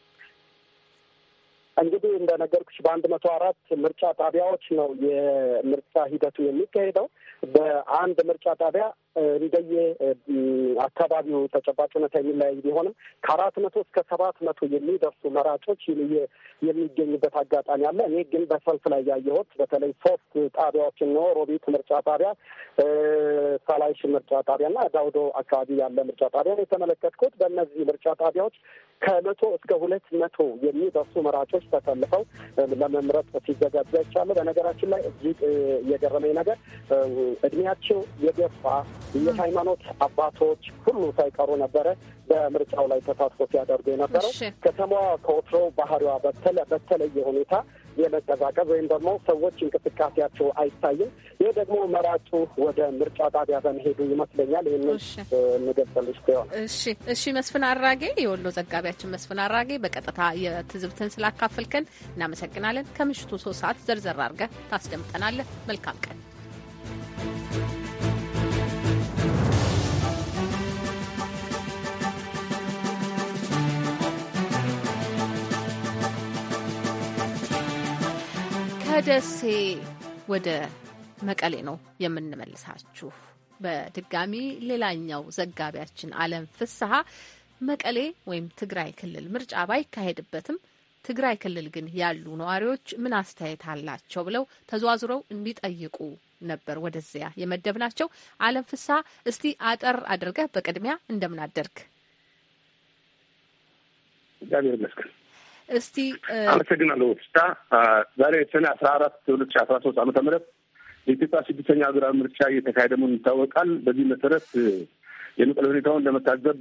እንግዲህ እንደነገርኩሽ በአንድ መቶ አራት ምርጫ ጣቢያዎች ነው የምርጫ ሂደቱ የሚካሄደው። በአንድ ምርጫ ጣቢያ እንደየ አካባቢው ተጨባጭ ሁኔታ የሚለያይ ቢሆንም ከአራት መቶ እስከ ሰባት መቶ የሚደርሱ መራጮች የሚገኙበት አጋጣሚ አለ። እኔ ግን በሰልፍ ላይ ያየሁት በተለይ ሶስት ጣቢያዎች ነው፣ ሮቢት ምርጫ ጣቢያ፣ ሳላይሽ ምርጫ ጣቢያ እና ዳውዶ አካባቢ ያለ ምርጫ ጣቢያ የተመለከትኩት። በእነዚህ ምርጫ ጣቢያዎች ከመቶ እስከ ሁለት መቶ የሚደርሱ መራጮች ተሰልፈው ለመምረጥ ሲዘጋጁ አይቻለሁ። በነገራችን ላይ እጅግ የገረመኝ ነገር እድሜያቸው የገፋ የሃይማኖት አባቶች ሁሉ ሳይቀሩ ነበረ በምርጫው ላይ ተሳትፎ ሲያደርጉ የነበረው። ከተማዋ ከወትሮ ባህሪዋ በተለየ ሁኔታ የመቀዛቀዝ ወይም ደግሞ ሰዎች እንቅስቃሴያቸው አይታይም። ይህ ደግሞ መራጩ ወደ ምርጫ ጣቢያ በመሄዱ ይመስለኛል። ይህንን እንገልጸልሽ ሲሆን እሺ፣ እሺ። መስፍን አራጌ የወሎ ዘጋቢያችን መስፍን አራጌ በቀጥታ የትዝብትን ስላካፈልከን እናመሰግናለን። ከምሽቱ ሶስት ሰዓት ዘርዘር አድርገህ ታስደምጠናለህ። መልካም ቀን። ከደሴ ወደ መቀሌ ነው የምንመልሳችሁ። በድጋሚ ሌላኛው ዘጋቢያችን አለም ፍስሀ መቀሌ ወይም ትግራይ ክልል ምርጫ ባይካሄድበትም ትግራይ ክልል ግን ያሉ ነዋሪዎች ምን አስተያየት አላቸው ብለው ተዘዋዝረው እንዲጠይቁ ነበር ወደዚያ የመደብ ናቸው። አለም ፍስሀ እስቲ አጠር አድርገህ በቅድሚያ እንደምናደርግ እግዚአብሔር ይመስገን። እስቲ አመሰግናለሁ ስታ ዛሬ ሰኔ አስራ አራት ሁለት ሺ አስራ ሶስት ዓመተ ምህረት የኢትዮጵያ ስድስተኛ ሀገራዊ ምርጫ እየተካሄደ መሆኑ ይታወቃል። በዚህ መሰረት የመቀለ ሁኔታውን ለመታዘብ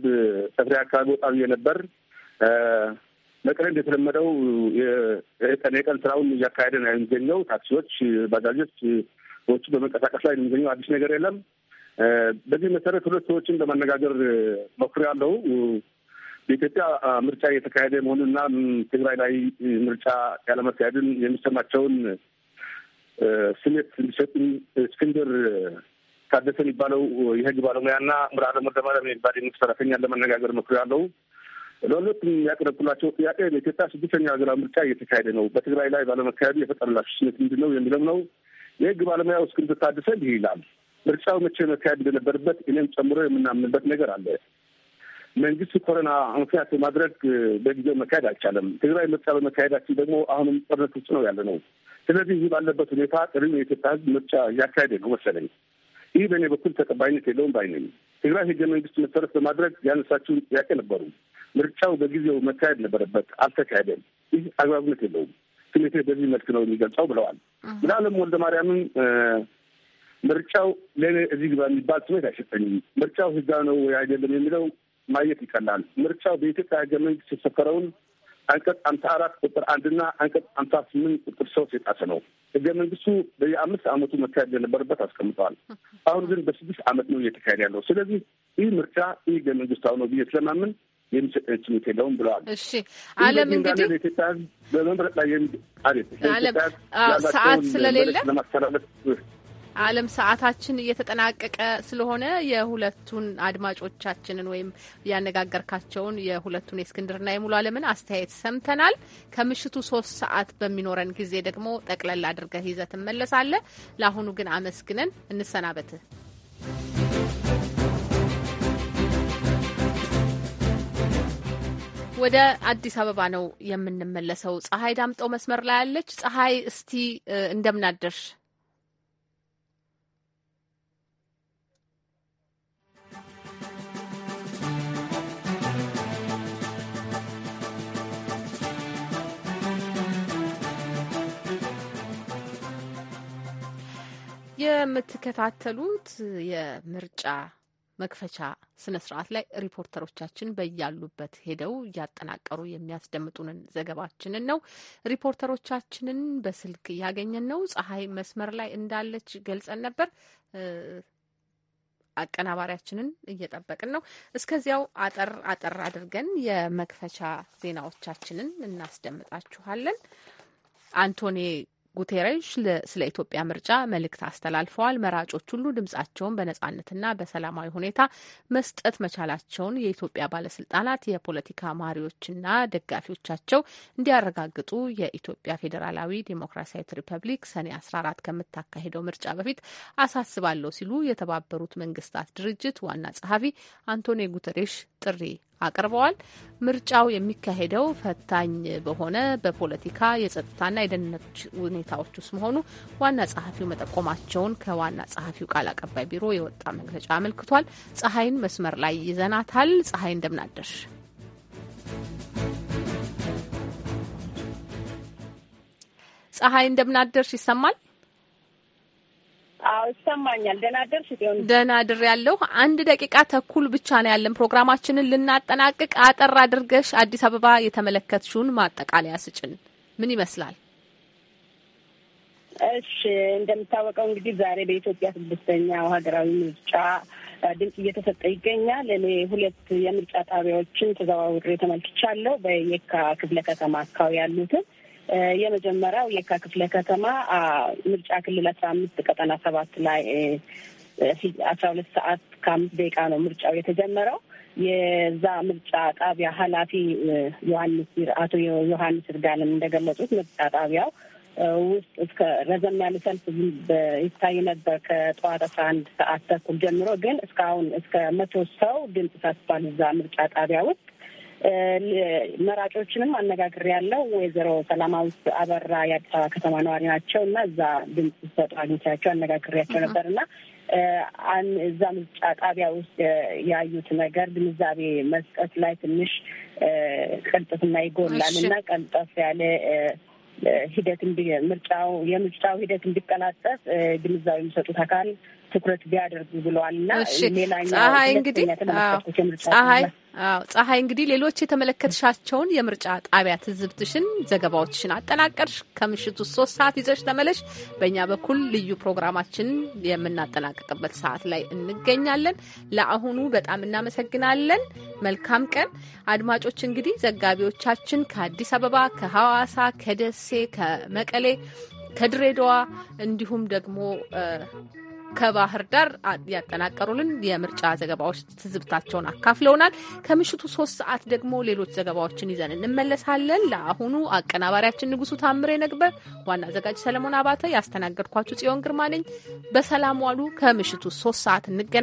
ሰፍሪ አካባቢ ወጣ ብዬ ነበር። መቀለ እንደተለመደው የቀን የቀን ስራውን እያካሄደ ነው የሚገኘው። ታክሲዎች፣ ባጃጆች ሰዎቹ በመንቀሳቀስ ላይ የሚገኘው አዲስ ነገር የለም። በዚህ መሰረት ሁለት ሰዎችን ለማነጋገር አለው በኢትዮጵያ ምርጫ እየተካሄደ መሆኑና ትግራይ ላይ ምርጫ ያለመካሄድን የሚሰማቸውን ስሜት እንዲሰጡን እስክንድር ታደሰ የሚባለው የህግ ባለሙያና ምርአለ ወልደማርያም የሚባል የመንግስት ሰራተኛ ለመነጋገር ያለው ለሁለቱም ያቀረብኩላቸው ጥያቄ በኢትዮጵያ ስድስተኛው ሀገራዊ ምርጫ እየተካሄደ ነው፣ በትግራይ ላይ ባለመካሄዱ የፈጠረላቸው ስሜት ምንድን ነው የሚለው ነው። የህግ ባለሙያው እስክንድር ታደሰ ይህ ይላል። ምርጫው መቼ መካሄድ እንደነበርበት እኔም ጨምሮ የምናምንበት ነገር አለ። መንግስት ኮረና ምክንያት ማድረግ በጊዜው መካሄድ አልቻለም። ትግራይ ምርጫ በመካሄዳችን ደግሞ አሁንም ጦርነት ውስጥ ነው ያለ ነው። ስለዚህ ይህ ባለበት ሁኔታ ጥሪ የኢትዮጵያ ህዝብ ምርጫ እያካሄደ ነው መሰለኝ። ይህ በእኔ በኩል ተቀባይነት የለውም ባይነኝ። ትግራይ ህገ መንግስት መሰረት በማድረግ ያነሳችውን ጥያቄ ነበሩ። ምርጫው በጊዜው መካሄድ ነበረበት፣ አልተካሄደም። ይህ አግባብነት የለውም። ስሜቴ በዚህ መልክ ነው የሚገልጸው ብለዋል። ምናለም ወልደ ማርያምም ምርጫው ለእኔ እዚህ ግባ የሚባል ስሜት አይሰጠኝም። ምርጫው ህጋዊ ነው አይደለም የሚለው ማየት ይቀላል። ምርጫው በኢትዮጵያ ህገ መንግስት የሰፈረውን አንቀጽ አምሳ አራት ቁጥር አንድና አንቀጽ አምሳ ስምንት ቁጥር ሶስት የጣሰ ነው። ህገ መንግስቱ በየአምስት አመቱ መካሄድ እንደነበረበት አስቀምጠዋል። አሁን ግን በስድስት አመት ነው እየተካሄደ ያለው። ስለዚህ ይህ ምርጫ ይህ ህገ መንግስታዊ ነው ብዬ ስለማምን የሚሰጠችነት የለውም ብለዋል። እሺ አለም እንግዲህ በመምረጥ ላይ አለም ሰዓት ስለሌለ ለማስተላለፍ አለም ሰዓታችን እየተጠናቀቀ ስለሆነ የሁለቱን አድማጮቻችንን ወይም ያነጋገርካቸውን የሁለቱን የእስክንድርና የሙሉ አለምን አስተያየት ሰምተናል። ከምሽቱ ሶስት ሰዓት በሚኖረን ጊዜ ደግሞ ጠቅለል አድርገህ ይዘህ ትመለሳለህ። ለአሁኑ ግን አመስግነን እንሰናበትህ። ወደ አዲስ አበባ ነው የምንመለሰው። ፀሐይ ዳምጠው መስመር ላይ ያለች። ፀሐይ እስቲ እንደምናደርሽ የምትከታተሉት የምርጫ መክፈቻ ስነ ስርዓት ላይ ሪፖርተሮቻችን በያሉበት ሄደው እያጠናቀሩ የሚያስደምጡንን ዘገባችንን ነው። ሪፖርተሮቻችንን በስልክ እያገኘን ነው። ፀሐይ መስመር ላይ እንዳለች ገልጸን ነበር። አቀናባሪያችንን እየጠበቅን ነው። እስከዚያው አጠር አጠር አድርገን የመክፈቻ ዜናዎቻችንን እናስደምጣችኋለን። አንቶኒ ጉቴሬሽ ስለ ኢትዮጵያ ምርጫ መልእክት አስተላልፈዋል። መራጮች ሁሉ ድምጻቸውን በነጻነትና በሰላማዊ ሁኔታ መስጠት መቻላቸውን የኢትዮጵያ ባለስልጣናት የፖለቲካ መሪዎችና ደጋፊዎቻቸው እንዲያረጋግጡ የኢትዮጵያ ፌዴራላዊ ዴሞክራሲያዊት ሪፐብሊክ ሰኔ 14 ከምታካሄደው ምርጫ በፊት አሳስባለሁ ሲሉ የተባበሩት መንግስታት ድርጅት ዋና ጸሐፊ አንቶኒ ጉተሬሽ ጥሪ አቅርበዋል። ምርጫው የሚካሄደው ፈታኝ በሆነ በፖለቲካ የጸጥታና የደህንነት ሁኔታዎች ውስጥ መሆኑ ዋና ጸሐፊው መጠቆማቸውን ከዋና ጸሐፊው ቃል አቀባይ ቢሮ የወጣ መግለጫ አመልክቷል። ፀሐይን መስመር ላይ ይዘናታል። ፀሐይ እንደምናደርሽ ፀሐይ እንደምናደርሽ ይሰማል? አዎ ይሰማኛል። ደህና ደርሽ ሲሆን ደህና ያለሁ አንድ ደቂቃ ተኩል ብቻ ነው ያለን ፕሮግራማችንን ልናጠናቅቅ። አጠር አድርገሽ አዲስ አበባ የተመለከትሽውን ማጠቃለያ ስጭን። ምን ይመስላል? እሺ እንደሚታወቀው እንግዲህ ዛሬ በኢትዮጵያ ስድስተኛው ሀገራዊ ምርጫ ድምጽ እየተሰጠ ይገኛል። እኔ ሁለት የምርጫ ጣቢያዎችን ተዘዋውሬ ተመልክቻለሁ። በየካ ክፍለ ከተማ አካባቢ ያሉትን የመጀመሪያው የካ ክፍለ ከተማ ምርጫ ክልል አስራ አምስት ቀጠና ሰባት ላይ አስራ ሁለት ሰዓት ከአምስት ደቂቃ ነው ምርጫው የተጀመረው። የዛ ምርጫ ጣቢያ ኃላፊ ዮሐንስ አቶ ዮሐንስ እርጋለም እንደገለጹት ምርጫ ጣቢያው ውስጥ እስከ ረዘም ያለ ሰልፍ ይታይ ነበር ከጠዋት አስራ አንድ ሰዓት ተኩል ጀምሮ። ግን እስካሁን እስከ መቶ ሰው ድምፅ ሰጥቷል እዛ ምርጫ ጣቢያ ውስጥ መራጮችንም አነጋግር ያለው ወይዘሮ ሰላማዊት አበራ የአዲስ አበባ ከተማ ነዋሪ ናቸው እና እዛ ድምፅ ሲሰጡ አግኝቻቸው አነጋግሬያቸው ነበር እና እዛ ምርጫ ጣቢያ ውስጥ ያዩት ነገር ግንዛቤ መስጠት ላይ ትንሽ ቅልጥፍና ይጎላል እና ቀልጠፍ ያለ ሂደት ምርጫው የምርጫው ሂደት እንዲቀላጠፍ ግንዛቤ የሚሰጡት አካል ትኩረት ቢያደርጉ ብለዋል እና ሌላኛው ሁለተኛ እንግዲህ የምርጫ አዎ ፀሐይ፣ እንግዲህ ሌሎች የተመለከትሻቸውን የምርጫ ጣቢያ ትዝብትሽን፣ ዘገባዎችሽን አጠናቀርሽ። ከምሽቱ ሶስት ሰዓት ይዘሽ ተመለሽ። በእኛ በኩል ልዩ ፕሮግራማችንን የምናጠናቀቅበት ሰዓት ላይ እንገኛለን። ለአሁኑ በጣም እናመሰግናለን። መልካም ቀን አድማጮች። እንግዲህ ዘጋቢዎቻችን ከአዲስ አበባ፣ ከሐዋሳ፣ ከደሴ፣ ከመቀሌ፣ ከድሬዳዋ እንዲሁም ደግሞ ከባህር ዳር ያጠናቀሩልን የምርጫ ዘገባዎች ትዝብታቸውን አካፍለውናል። ከምሽቱ ሶስት ሰዓት ደግሞ ሌሎች ዘገባዎችን ይዘን እንመለሳለን። ለአሁኑ አቀናባሪያችን ንጉሱ ታምሬ ነግበር፣ ዋና አዘጋጅ ሰለሞን አባተ፣ ያስተናገድኳችሁ ጽዮን ግርማ ነኝ። በሰላም ዋሉ። ከምሽቱ ሶስት ሰዓት እንገናኝ።